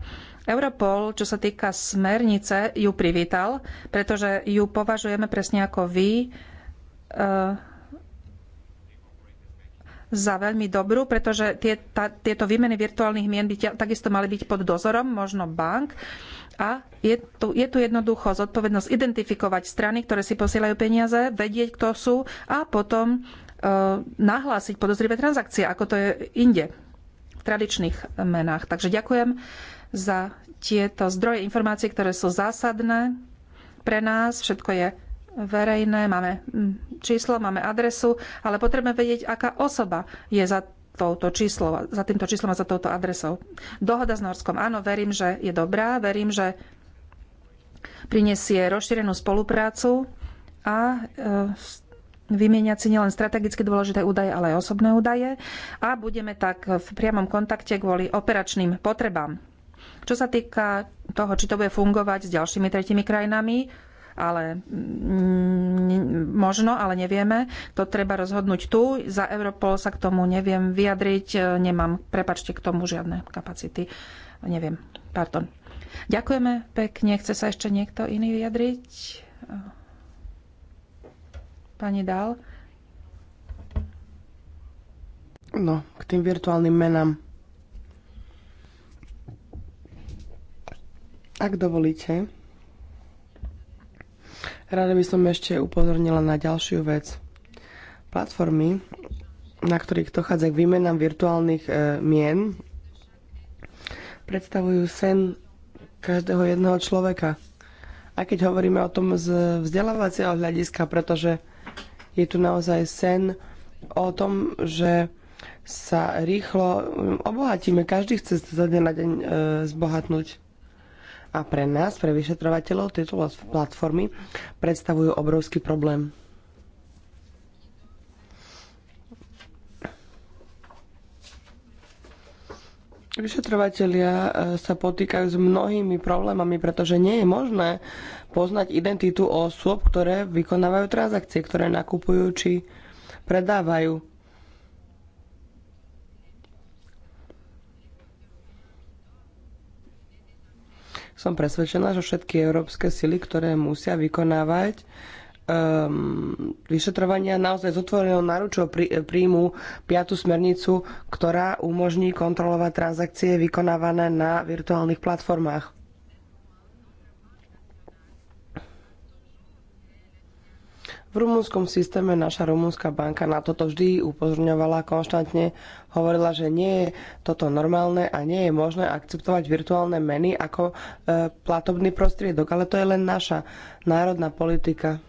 S4: Europol, čo sa týka smernice, ju privítal, pretože ju považujeme presne ako vy eh, za veľmi dobrú, pretože tie, tá, tieto výmeny virtuálnych mien by takisto mali byť pod dozorom, možno bank. A je tu, je tu jednoducho zodpovednosť identifikovať strany, ktoré si posielajú peniaze, vedieť, kto sú a potom e, nahlásiť podozrivé transakcie, ako to je inde v tradičných menách. Takže ďakujem za tieto zdroje informácií, ktoré sú zásadné pre nás. Všetko je verejné, máme mm, číslo, máme adresu, ale potrebujeme vedieť, aká osoba je za touto číslo, za týmto číslom a za touto adresou. Dohoda s Norskom. Áno, verím, že je dobrá, verím, že prinesie rozšírenú spoluprácu a e, vymieňať si nielen strategicky dôležité údaje, ale aj osobné údaje a budeme tak v priamom kontakte kvôli operačným potrebám. Čo sa týka toho, či to bude fungovať s ďalšími tretimi krajinami, ale mm, možno, ale nevieme. To treba rozhodnúť tu. Za Europol sa k tomu neviem vyjadriť. E, nemám, prepačte, k tomu žiadne kapacity. Neviem, pardon. Ďakujeme pekne. Chce sa ešte niekto iný vyjadriť? Pani Dal?
S1: No, k tým virtuálnym menám. Ak dovolíte, rada by som ešte upozornila na ďalšiu vec. Platformy, na ktorých dochádza k výmenám virtuálnych e, mien, predstavujú sen každého jedného človeka. A keď hovoríme o tom z vzdelávacieho hľadiska, pretože je tu naozaj sen o tom, že sa rýchlo e, obohatíme. Každý chce za deň na deň e, zbohatnúť a pre nás, pre vyšetrovateľov, tieto platformy predstavujú obrovský problém. Vyšetrovatelia e, sa potýkajú s mnohými problémami, pretože nie je možné poznať identitu osôb, ktoré vykonávajú transakcie, ktoré nakupujú či predávajú som presvedčená, že všetky európske sily, ktoré musia vykonávať um, vyšetrovania, naozaj z otvoreného naručo prí, e, príjmu piatu smernicu, ktorá umožní kontrolovať transakcie vykonávané na virtuálnych platformách. V rumúnskom systéme naša rumúnska banka na toto vždy upozorňovala konštantne, hovorila, že nie je toto normálne a nie je možné akceptovať virtuálne meny ako e, platobný prostriedok, ale to je len naša národná politika.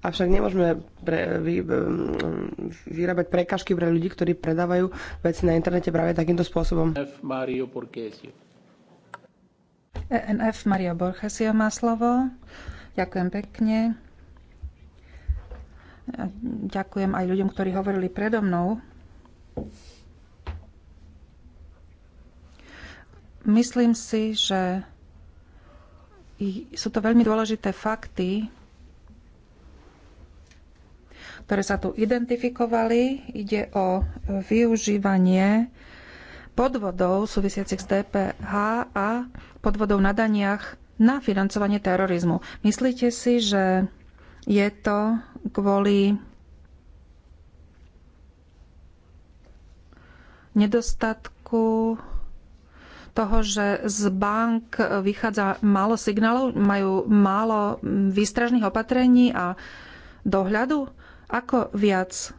S1: Avšak nemôžeme pre, vy, e, vyrábať prekažky pre ľudí, ktorí predávajú veci na internete práve takýmto spôsobom. Mario
S4: ENF Maria Borchesia má slovo. Ďakujem pekne. Ďakujem aj ľuďom, ktorí hovorili predo mnou. Myslím si, že sú to veľmi dôležité fakty, ktoré sa tu identifikovali. Ide o využívanie podvodov súvisiacich s DPH a podvodov na daniach na financovanie terorizmu. Myslíte si, že je to kvôli nedostatku toho, že z bank vychádza málo signálov, majú málo výstražných opatrení a dohľadu? Ako viac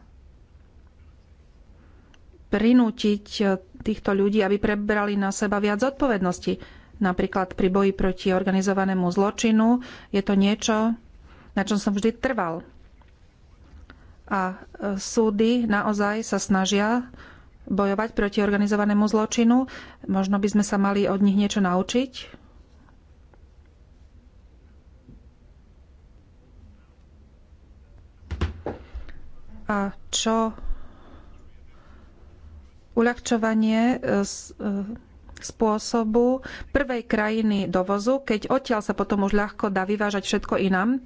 S4: prinútiť týchto ľudí, aby prebrali na seba viac zodpovednosti. Napríklad pri boji proti organizovanému zločinu je to niečo, na čom som vždy trval. A e, súdy naozaj sa snažia bojovať proti organizovanému zločinu. Možno by sme sa mali od nich niečo naučiť. A čo uľahčovanie e, e, spôsobu prvej krajiny dovozu, keď odtiaľ sa potom už ľahko dá vyvážať všetko inám.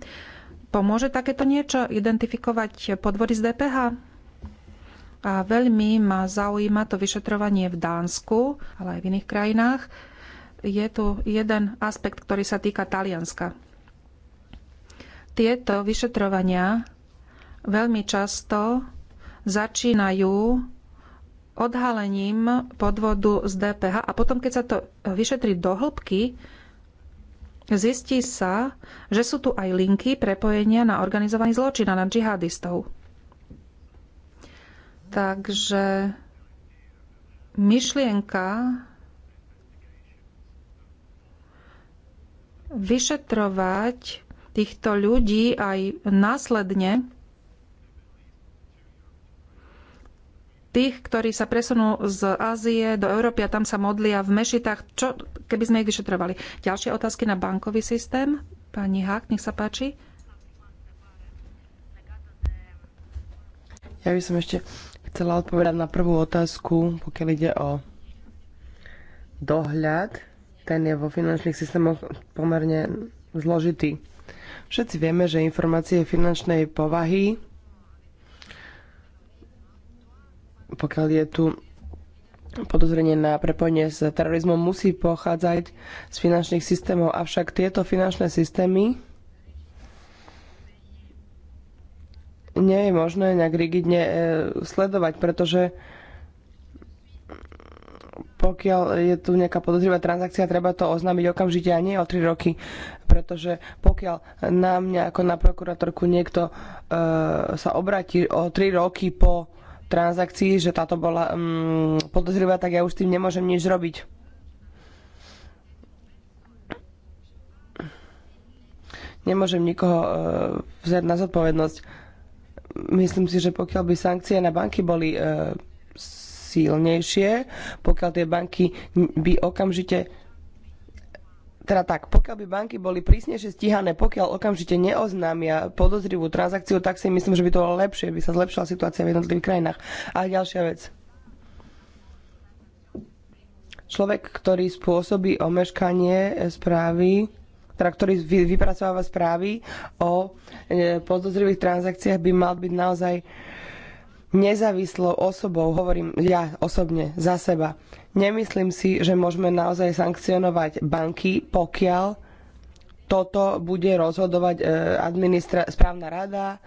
S4: Pomôže takéto niečo identifikovať podvody z DPH? A veľmi ma zaujíma to vyšetrovanie v Dánsku, ale aj v iných krajinách. Je tu jeden aspekt, ktorý sa týka Talianska. Tieto vyšetrovania veľmi často začínajú odhalením podvodu z DPH a potom, keď sa to vyšetrí do hĺbky, zistí sa, že sú tu aj linky prepojenia na organizovaný zločin a na džihadistov. Takže myšlienka vyšetrovať týchto ľudí aj následne tých, ktorí sa presunú z Ázie do Európy a tam sa modlia v mešitách. Čo, keby sme ich vyšetrovali? Ďalšie otázky na bankový systém? Pani
S1: Hák, nech sa páči. Ja by som ešte chcela odpovedať na prvú otázku, pokiaľ ide o dohľad. Ten je vo finančných systémoch pomerne zložitý. Všetci vieme, že informácie finančnej povahy pokiaľ je tu podozrenie na prepojenie s terorizmom, musí pochádzať z finančných systémov. Avšak tieto finančné systémy nie je možné nejak rigidne e, sledovať, pretože pokiaľ je tu nejaká podozrivá transakcia, treba to oznámiť okamžite a nie o 3 roky. Pretože pokiaľ na mňa ako na prokurátorku niekto e, sa obratí o 3 roky po transakcií, že táto bola um, mm, podozrivá, tak ja už tým nemôžem nič robiť. Nemôžem nikoho uh, vziať na zodpovednosť. Myslím si, že pokiaľ by sankcie na banky boli uh, silnejšie, pokiaľ tie banky by okamžite teda tak, pokiaľ by banky boli prísnejšie stíhané, pokiaľ okamžite neoznámia podozrivú transakciu, tak si myslím, že by to bolo lepšie, by sa zlepšila situácia v jednotlivých krajinách. A ďalšia vec. Človek, ktorý spôsobí omeškanie správy, teda ktorý vypracováva správy o e, podozrivých transakciách, by mal byť naozaj nezávislou osobou, hovorím ja osobne za seba. Nemyslím si, že môžeme naozaj sankcionovať banky, pokiaľ toto bude rozhodovať e, administra- správna rada,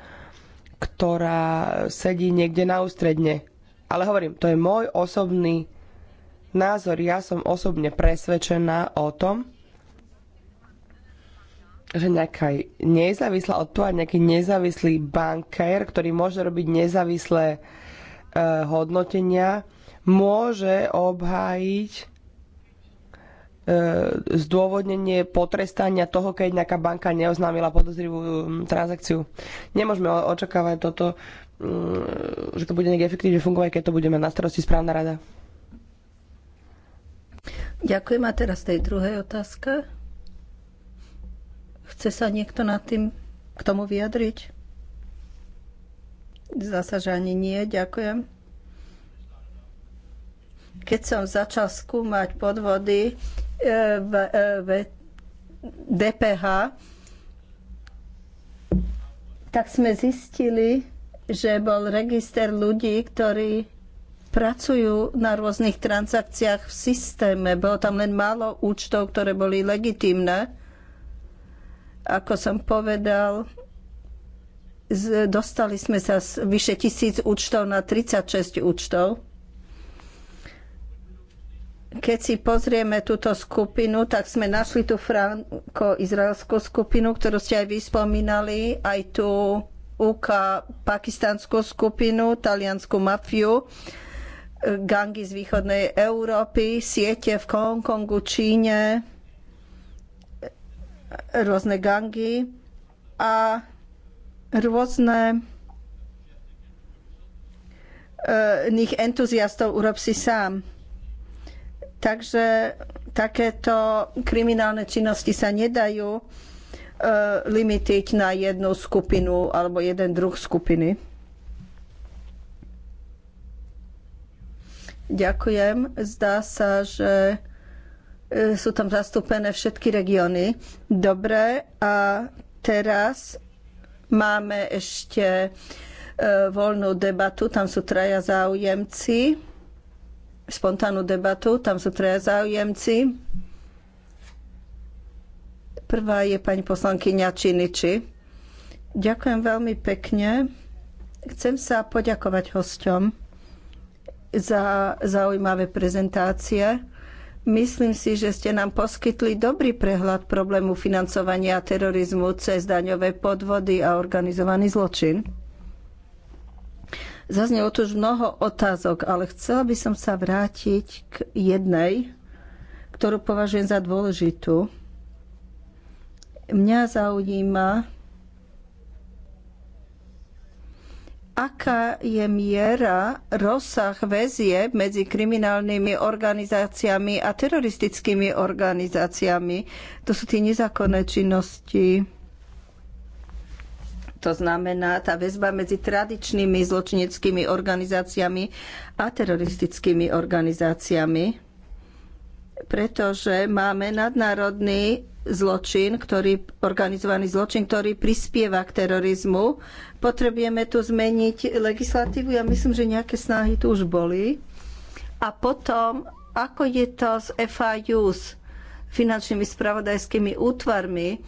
S1: ktorá sedí niekde na ústredne. Ale hovorím, to je môj osobný názor. Ja som osobne presvedčená o tom, že nejaká nezávislá odpoveď, nejaký nezávislý bankér, ktorý môže robiť nezávislé e, hodnotenia, môže obhájiť e, zdôvodnenie potrestania toho, keď nejaká banka neoznámila podozrivú transakciu. Nemôžeme očakávať toto, že to bude nejak efektívne fungovať, keď to budeme na starosti správna rada.
S3: Ďakujem. A teraz tej druhej otázka. Chce sa niekto nad tým k tomu vyjadriť? Zasa, že ani nie. Ďakujem. Keď som začal skúmať podvody e, v, e, v DPH, tak sme zistili, že bol register ľudí, ktorí pracujú na rôznych transakciách v systéme. Bolo tam len málo účtov, ktoré boli legitimné. Ako som povedal, dostali sme sa z vyše tisíc účtov na 36 účtov keď si pozrieme túto skupinu, tak sme našli tú franko-izraelskú skupinu, ktorú ste aj vyspomínali, aj tú UK pakistanskú skupinu, taliansku mafiu, gangy z východnej Európy, siete v Hongkongu, Číne, rôzne gangy a rôzne eh, nich entuziastov urob si sám Takže takéto kriminálne činnosti sa nedajú e, limitiť na jednu skupinu alebo jeden druh skupiny. Ďakujem. Zdá sa, že e, sú tam zastúpené všetky regióny. Dobre, a teraz máme ešte e, voľnú debatu. Tam sú traja záujemci spontánnu debatu. Tam sú traja záujemci. Prvá je pani poslankyňa Činiči. Ďakujem veľmi pekne. Chcem sa poďakovať hosťom za zaujímavé prezentácie. Myslím si, že ste nám poskytli dobrý prehľad problému financovania terorizmu cez daňové podvody a organizovaný zločin. Zaznelo tu už mnoho otázok, ale chcela by som sa vrátiť k jednej, ktorú považujem za dôležitú. Mňa zaujíma, aká je miera, rozsah väzie medzi kriminálnymi organizáciami a teroristickými organizáciami. To sú tie nezákonné činnosti to znamená tá väzba medzi tradičnými zločineckými organizáciami a teroristickými organizáciami, pretože máme nadnárodný zločin, ktorý, organizovaný zločin, ktorý prispieva k terorizmu. Potrebujeme tu zmeniť legislatívu. Ja myslím, že nejaké snahy tu už boli. A potom, ako je to s s finančnými spravodajskými útvarmi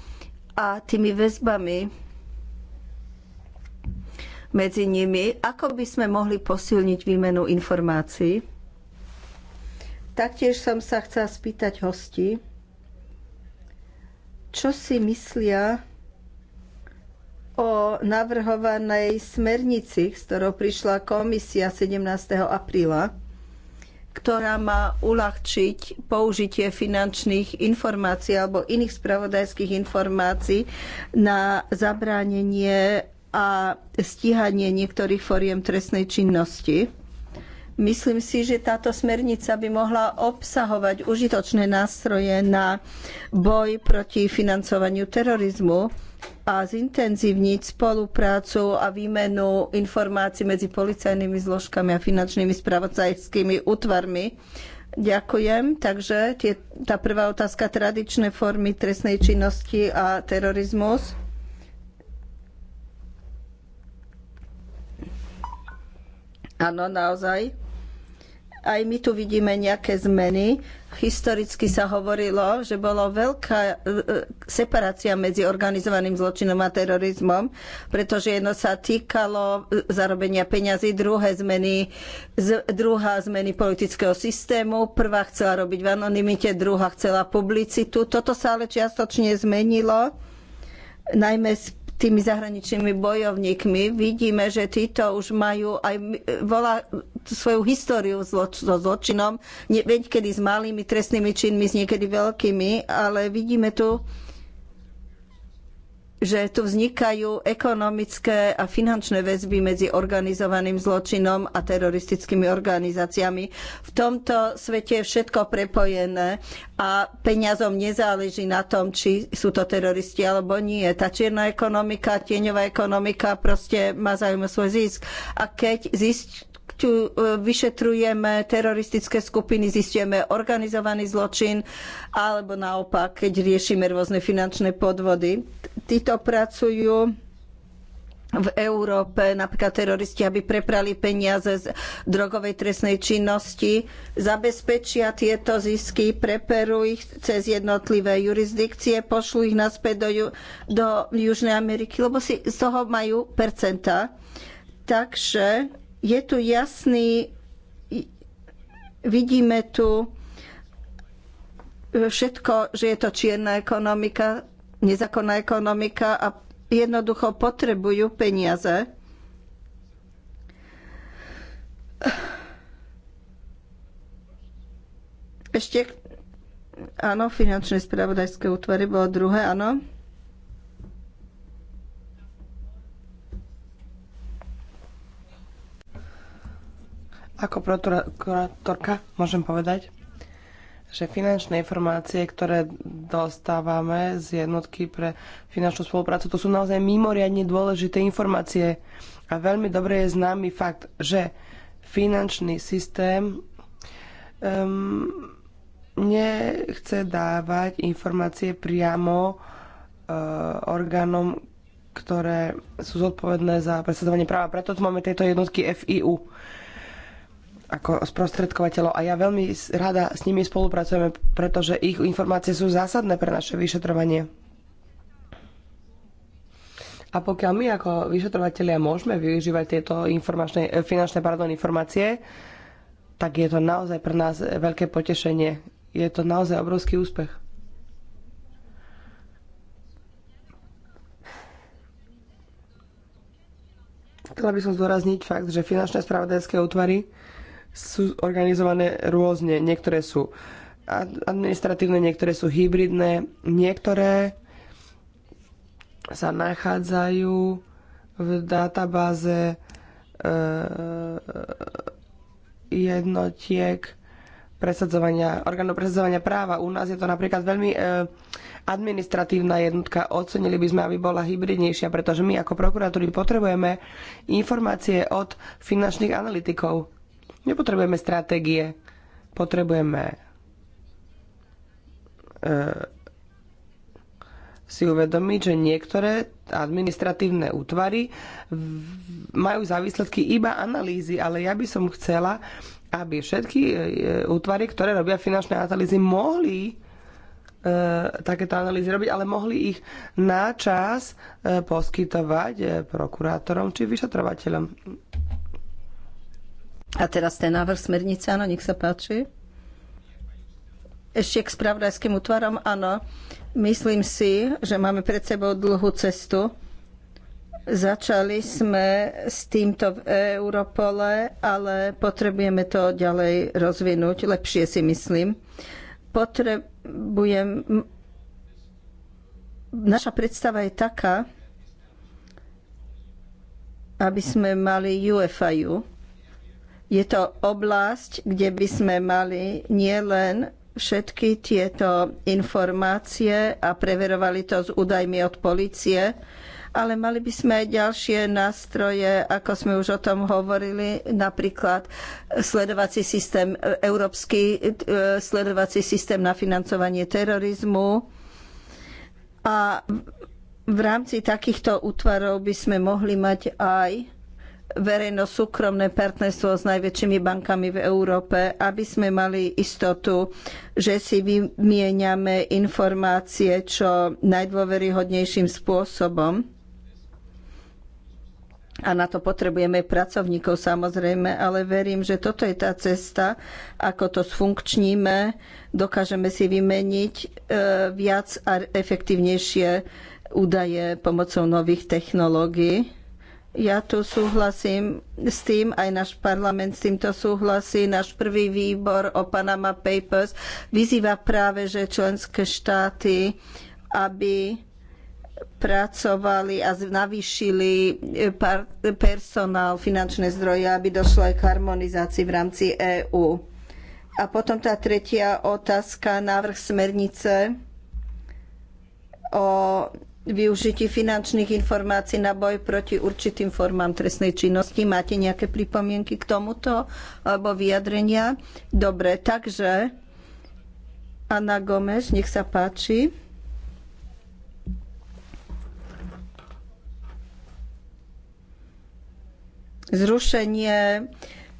S3: a tými väzbami medzi nimi, ako by sme mohli posilniť výmenu informácií. Taktiež som sa chcela spýtať hosti, čo si myslia o navrhovanej smernici, s ktorou prišla komisia 17. apríla, ktorá má uľahčiť použitie finančných informácií alebo iných spravodajských informácií na zabránenie a stíhanie niektorých foriem trestnej činnosti. Myslím si, že táto smernica by mohla obsahovať užitočné nástroje na boj proti financovaniu terorizmu a zintenzívniť spoluprácu a výmenu informácií medzi policajnými zložkami a finančnými spravodajskými útvarmi. Ďakujem. Takže tie, tá prvá otázka, tradičné formy trestnej činnosti a terorizmus. Áno, naozaj. Aj my tu vidíme nejaké zmeny. Historicky sa hovorilo, že bola veľká e, e, separácia medzi organizovaným zločinom a terorizmom, pretože jedno sa týkalo e, zarobenia peňazí, druhé zmeny, druhá zmeny politického systému, prvá chcela robiť v anonimite, druhá chcela publicitu. Toto sa ale čiastočne zmenilo, najmä s tými zahraničnými bojovníkmi. Vidíme, že títo už majú aj volá svoju históriu so zločinom, veď kedy s malými trestnými činmi, s niekedy veľkými, ale vidíme tu že tu vznikajú ekonomické a finančné väzby medzi organizovaným zločinom a teroristickými organizáciami. V tomto svete je všetko prepojené a peniazom nezáleží na tom, či sú to teroristi alebo nie. Tá čierna ekonomika, tieňová ekonomika proste má záujem svoj zisk. A keď zistí, tu e, vyšetrujeme teroristické skupiny, zistujeme organizovaný zločin, alebo naopak, keď riešime rôzne finančné podvody. Títo pracujú v Európe, napríklad teroristi, aby preprali peniaze z drogovej trestnej činnosti, zabezpečia tieto zisky, preperú ich cez jednotlivé jurisdikcie, pošlú ich naspäť do, do Južnej Ameriky, lebo si z toho majú percenta. Takže je tu jasný, vidíme tu všetko, že je to čierna ekonomika, nezákonná ekonomika a jednoducho potrebujú peniaze. Ešte, áno, finančné spravodajské útvary bolo druhé, áno.
S1: Ako prokurátorka môžem povedať, že finančné informácie, ktoré dostávame z jednotky pre finančnú spoluprácu, to sú naozaj mimoriadne dôležité informácie. A veľmi dobre je známy fakt, že finančný systém um, nechce dávať informácie priamo uh, orgánom, ktoré sú zodpovedné za presadzovanie práva. Preto tu máme tieto jednotky FIU ako sprostredkovateľov a ja veľmi rada s nimi spolupracujeme, pretože ich informácie sú zásadné pre naše vyšetrovanie. A pokiaľ my ako vyšetrovateľia môžeme využívať tieto informačné, eh, finančné pardon, informácie, tak je to naozaj pre nás veľké potešenie. Je to naozaj obrovský úspech. Chcela by som zdôrazniť fakt, že finančné spravodajské útvary sú organizované rôzne. Niektoré sú administratívne, niektoré sú hybridné, niektoré sa nachádzajú v databáze eh, jednotiek presadzovania, orgánov presadzovania práva. U nás je to napríklad veľmi eh, administratívna jednotka. Ocenili by sme, aby bola hybridnejšia, pretože my ako prokuratúry potrebujeme informácie od finančných analytikov. Nepotrebujeme stratégie, potrebujeme e, si uvedomiť, že niektoré administratívne útvary majú za výsledky iba analýzy, ale ja by som chcela, aby všetky e, e, útvary, ktoré robia finančné analýzy, mohli takéto analýzy robiť, ale mohli ich na čas poskytovať prokurátorom či vyšetrovateľom.
S3: A teraz ten návrh smernice, áno, nech sa páči. Ešte k spravodajským útvarom, áno. Myslím si, že máme pred sebou dlhú cestu. Začali sme s týmto v Europole, ale potrebujeme to ďalej rozvinúť, lepšie si myslím. Potrebujem... Naša predstava je taká, aby sme mali UFIU, je to oblasť, kde by sme mali nielen všetky tieto informácie a preverovali to s údajmi od policie, ale mali by sme aj ďalšie nástroje, ako sme už o tom hovorili, napríklad sledovací systém, e, európsky e, sledovací systém na financovanie terorizmu. A v rámci takýchto útvarov by sme mohli mať aj verejno-súkromné partnerstvo s najväčšími bankami v Európe, aby sme mali istotu, že si vymieňame informácie čo najdôveryhodnejším spôsobom. A na to potrebujeme pracovníkov samozrejme, ale verím, že toto je tá cesta, ako to sfunkčníme, dokážeme si vymeniť e, viac a efektívnejšie údaje pomocou nových technológií ja tu súhlasím s tým, aj náš parlament s týmto súhlasí. Náš prvý výbor o Panama Papers vyzýva práve, že členské štáty, aby pracovali a navýšili eh, personál, finančné zdroje, aby došlo aj k harmonizácii v rámci EÚ. A potom tá tretia otázka, návrh smernice o využití finančných informácií na boj proti určitým formám trestnej činnosti. Máte nejaké pripomienky k tomuto alebo vyjadrenia? Dobre, takže Anna Gomes, nech sa páči. Zrušenie,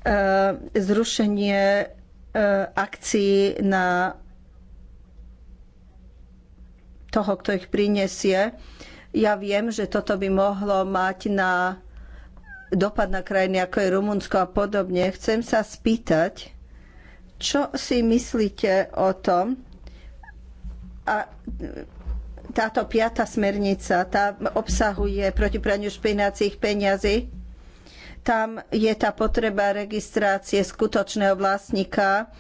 S3: eh, zrušenie eh, akcií na toho, kto ich prinesie. Ja viem, že toto by mohlo mať na dopad na krajiny ako je Rumunsko a podobne. Chcem sa spýtať, čo si myslíte o tom, a táto piata smernica, tá obsahuje proti praniu špinacích peňazí. Tam je tá potreba registrácie skutočného vlastníka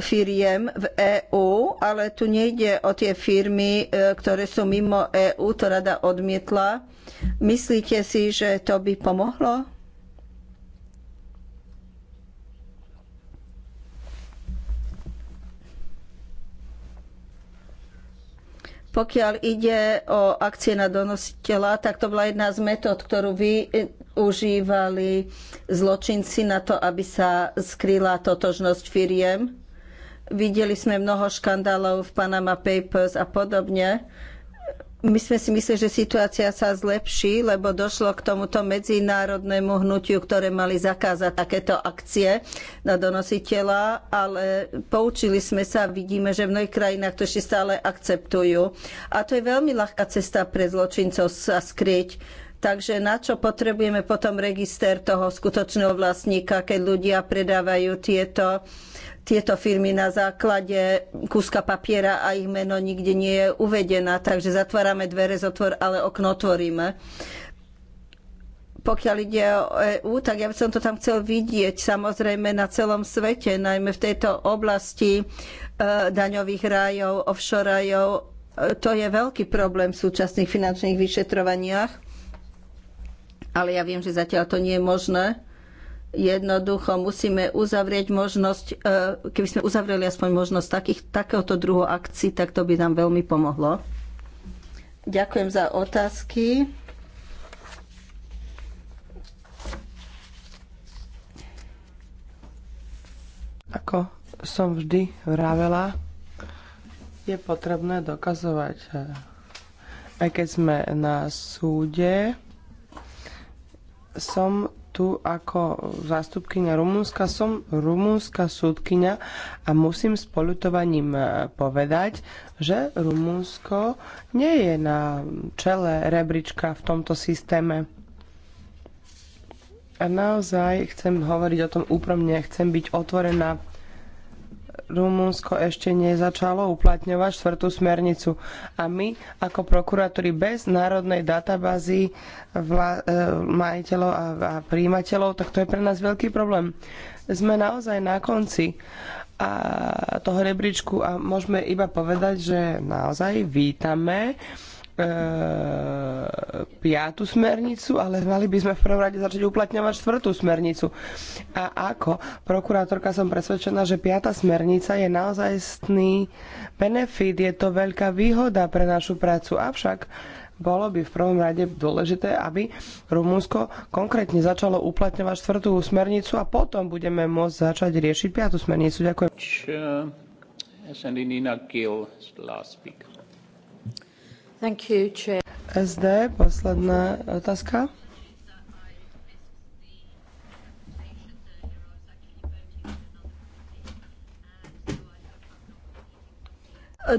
S3: firiem v EÚ, ale tu nejde o tie firmy, e, ktoré sú mimo EÚ, to rada odmietla. Myslíte si, že to by pomohlo? Pokiaľ ide o akcie na donositeľa, tak to bola jedna z metód, ktorú využívali e, zločinci na to, aby sa skrýla totožnosť firiem Videli sme mnoho škandálov v Panama Papers a podobne. My sme si mysleli, že situácia sa zlepší, lebo došlo k tomuto medzinárodnému hnutiu, ktoré mali zakázať takéto akcie na donositeľa, ale poučili sme sa a vidíme, že v mnohých krajinách to ešte stále akceptujú. A to je veľmi ľahká cesta pre zločincov sa skryť. Takže na čo potrebujeme potom register toho skutočného vlastníka, keď ľudia predávajú tieto uh, tieto firmy na základe kúska papiera a ich meno nikde nie je uvedená, takže zatvárame dvere zotvor, ale okno otvoríme. Pokiaľ ide o EÚ, tak ja by som to tam chcel vidieť samozrejme na celom svete, najmä v tejto oblasti e, daňových rájov, offshore rájov. E, to je veľký problém v súčasných finančných vyšetrovaniach, ale ja viem, že zatiaľ to nie je možné Jednoducho musíme uzavrieť možnosť, e, keby sme uzavreli aspoň možnosť takých, takéhoto druhu akcií, tak to by nám veľmi pomohlo. Ďakujem za otázky.
S1: Ako som vždy vravela, je potrebné dokazovať, e, aj keď sme na súde, som tu ako zástupkyňa Rumúnska. Som rumúnska súdkyňa a musím s polutovaním e, povedať, že Rumúnsko nie je na čele rebrička v tomto systéme. A naozaj chcem hovoriť o tom úprimne, chcem byť otvorená Rumunsko ešte nezačalo uplatňovať štvrtú smernicu. A my, ako prokuratúry bez národnej databázy vla, e, majiteľov a, a príjimateľov, tak to je pre nás veľký problém. Sme naozaj na konci a toho rebríčku a môžeme iba povedať, že naozaj vítame E, piatú smernicu, ale mali by sme v prvom rade začať uplatňovať štvrtú smernicu. A ako? Prokurátorka som presvedčená, že piata smernica je naozajstný benefit, je to veľká výhoda pre našu prácu. Avšak bolo by v prvom rade dôležité, aby Rumunsko konkrétne začalo uplatňovať štvrtú smernicu a potom budeme môcť začať riešiť piatú smernicu. Ďakujem.
S3: Nina Gill, last speaker.
S1: SD, posledná otázka.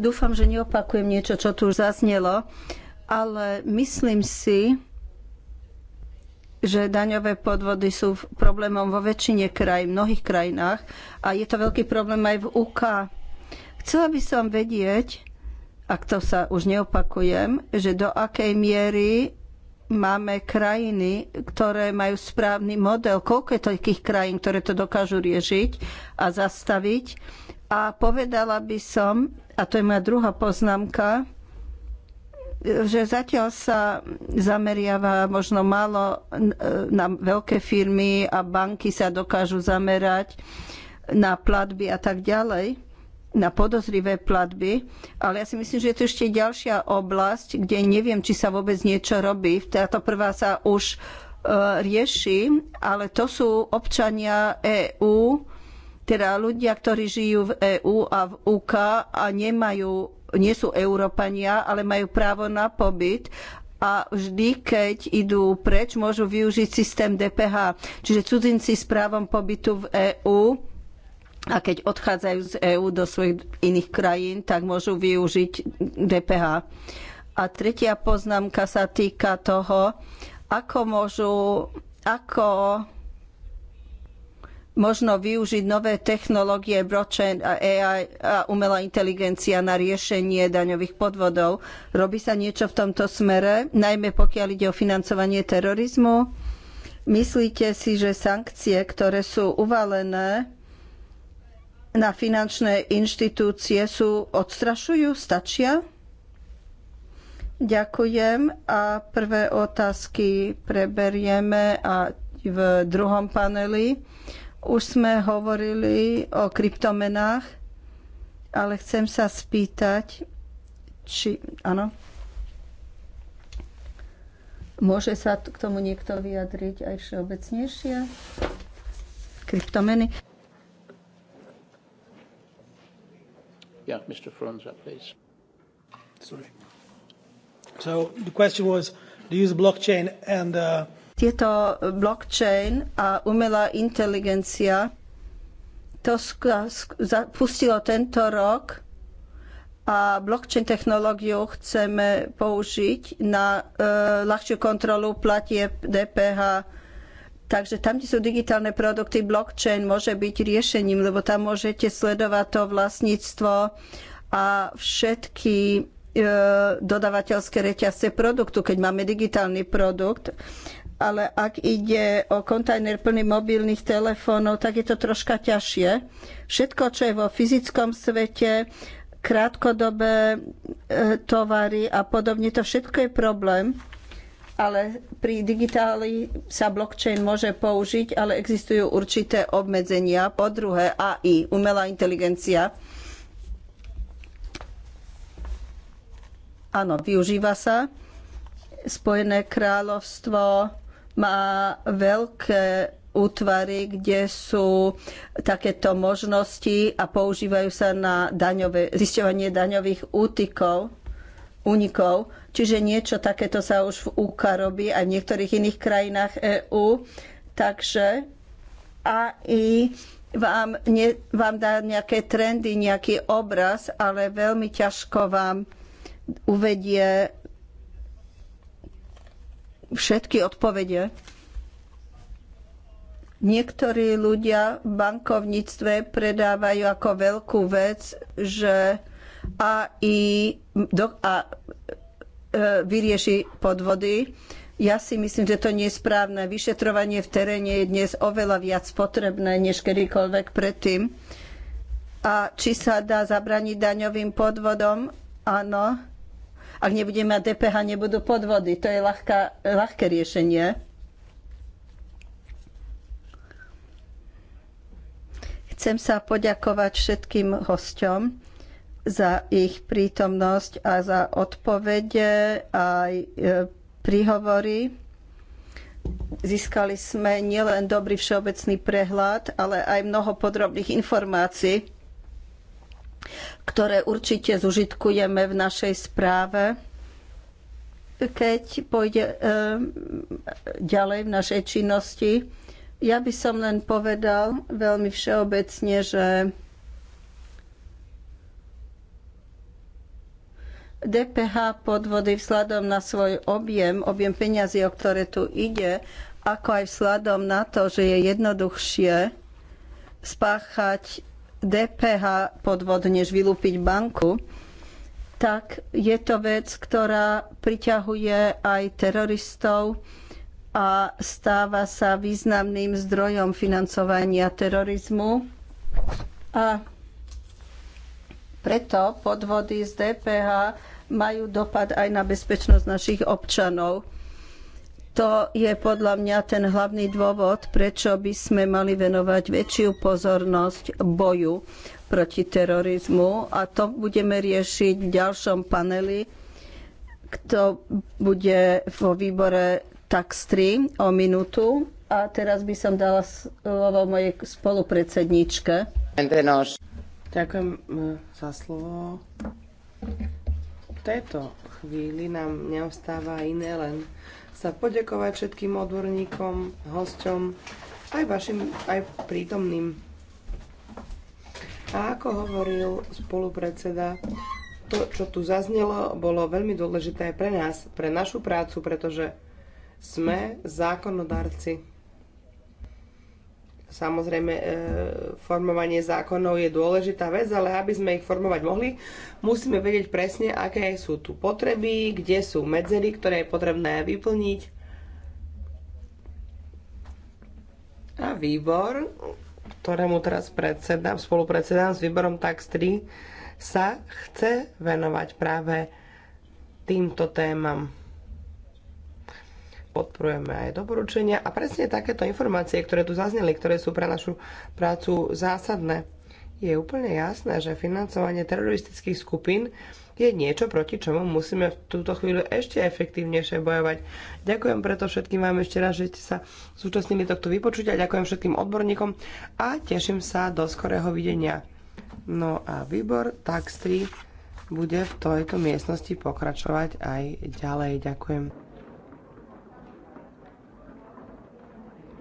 S3: Dúfam, že neopakujem niečo, čo tu už zaznelo, ale myslím si, že daňové podvody sú problémom vo väčšine krajín, mnohých krajinách a je to veľký problém aj v UK. Chcela by som vedieť, ak to sa už neopakujem, že do akej miery máme krajiny, ktoré majú správny model, koľko je takých krajín, ktoré to dokážu riešiť a zastaviť. A povedala by som, a to je moja druhá poznámka, že zatiaľ sa zameriava možno málo na veľké firmy a banky sa dokážu zamerať na platby a tak ďalej na podozrivé platby, ale ja si myslím, že je to ešte ďalšia oblasť, kde neviem, či sa vôbec niečo robí. Táto prvá sa už e, rieši, ale to sú občania EÚ, teda ľudia, ktorí žijú v EÚ a v UK a nemajú, nie sú Európania, ale majú právo na pobyt a vždy, keď idú preč, môžu využiť systém DPH. Čiže cudzinci s právom pobytu v EÚ a keď odchádzajú z EÚ do svojich iných krajín, tak môžu využiť DPH. A tretia poznámka sa týka toho, ako môžu, ako možno využiť nové technológie blockchain a AI a umelá inteligencia na riešenie daňových podvodov. Robí sa niečo v tomto smere, najmä pokiaľ ide o financovanie terorizmu? Myslíte si, že sankcie, ktoré sú uvalené na finančné inštitúcie sú odstrašujú, stačia? Ďakujem a prvé otázky preberieme a v druhom paneli. Už sme hovorili o kryptomenách, ale chcem sa spýtať, či... Áno? Môže sa k tomu niekto vyjadriť aj všeobecnejšie? Kryptomeny.
S1: Yeah, Mr. Fronza, please. Sorry. So the question was, do
S3: you use blockchain and... Uh... Tieto blockchain a umelá inteligencia to pustilo tento rok a blockchain technológiu chceme použiť na uh, ľahšiu kontrolu platieb DPH Takže tam, kde sú digitálne produkty, blockchain môže byť riešením, lebo tam môžete sledovať to vlastníctvo a všetky e, dodavateľské reťazce produktu, keď máme digitálny produkt. Ale ak ide o kontajner plný mobilných telefónov, tak je to troška ťažšie. Všetko, čo je vo fyzickom svete, krátkodobé e, tovary a podobne, to všetko je problém ale pri digitáli sa blockchain môže použiť, ale existujú určité obmedzenia. Po druhé, AI, umelá inteligencia. Áno, využíva sa. Spojené kráľovstvo má veľké útvary, kde sú takéto možnosti a používajú sa na daňové, zisťovanie daňových útikov, únikov Čiže niečo takéto sa už v UK robí aj v niektorých iných krajinách EÚ. Takže i vám, ne, vám dá nejaké trendy, nejaký obraz, ale veľmi ťažko vám uvedie všetky odpovede. Niektorí ľudia v bankovníctve predávajú ako veľkú vec, že AI do, a E, vyrieši podvody. Ja si myslím, že to nie je správne. Vyšetrovanie v teréne je dnes oveľa viac potrebné než kedykoľvek predtým. A či sa dá zabraniť daňovým podvodom? Áno. Ak nebudeme mať DPH, nebudú podvody. To je ľahká, ľahké riešenie. Chcem sa poďakovať všetkým hosťom za ich prítomnosť a za odpovede aj e, príhovory. Získali sme nielen dobrý všeobecný prehľad, ale aj mnoho podrobných informácií, ktoré určite zužitkujeme v našej správe, keď pôjde e, ďalej v našej činnosti. Ja by som len povedal veľmi všeobecne, že DPH podvody vzhľadom na svoj objem, objem peňazí, o ktoré tu ide, ako aj vzhľadom na to, že je jednoduchšie spáchať DPH podvod, než vylúpiť banku, tak je to vec, ktorá priťahuje aj teroristov a stáva sa významným zdrojom financovania terorizmu. A preto podvody z DPH majú dopad aj na bezpečnosť našich občanov. To je podľa mňa ten hlavný dôvod, prečo by sme mali venovať väčšiu pozornosť boju proti terorizmu a to budeme riešiť v ďalšom paneli, kto bude vo výbore Tax 3 o minútu. A teraz by som dala slovo mojej
S1: spolupredsedničke. Ďakujem eh, za slovo. V tejto chvíli nám neostáva iné len sa poďakovať všetkým odborníkom, hosťom, aj vašim, aj prítomným. A ako hovoril spolupredseda, to, čo tu zaznelo, bolo veľmi dôležité pre nás, pre našu prácu, pretože sme zákonodarci. Samozrejme, e, formovanie zákonov je dôležitá vec, ale aby sme ich formovať mohli, musíme vedieť presne, aké sú tu potreby, kde sú medzery, ktoré je potrebné vyplniť. A výbor, ktorému teraz predsedám, spolupredsedám s výborom Tax 3, sa chce venovať práve týmto témam podporujeme aj doporučenia a presne takéto informácie, ktoré tu zazneli, ktoré sú pre našu prácu zásadné. Je úplne jasné, že financovanie teroristických skupín je niečo, proti čomu musíme v túto chvíľu ešte efektívnejšie bojovať. Ďakujem preto všetkým vám ešte raz, že ste sa súčasnili tohto a ďakujem všetkým odborníkom a teším sa do skorého videnia. No a výbor Tax 3 bude v tejto miestnosti pokračovať aj ďalej. Ďakujem.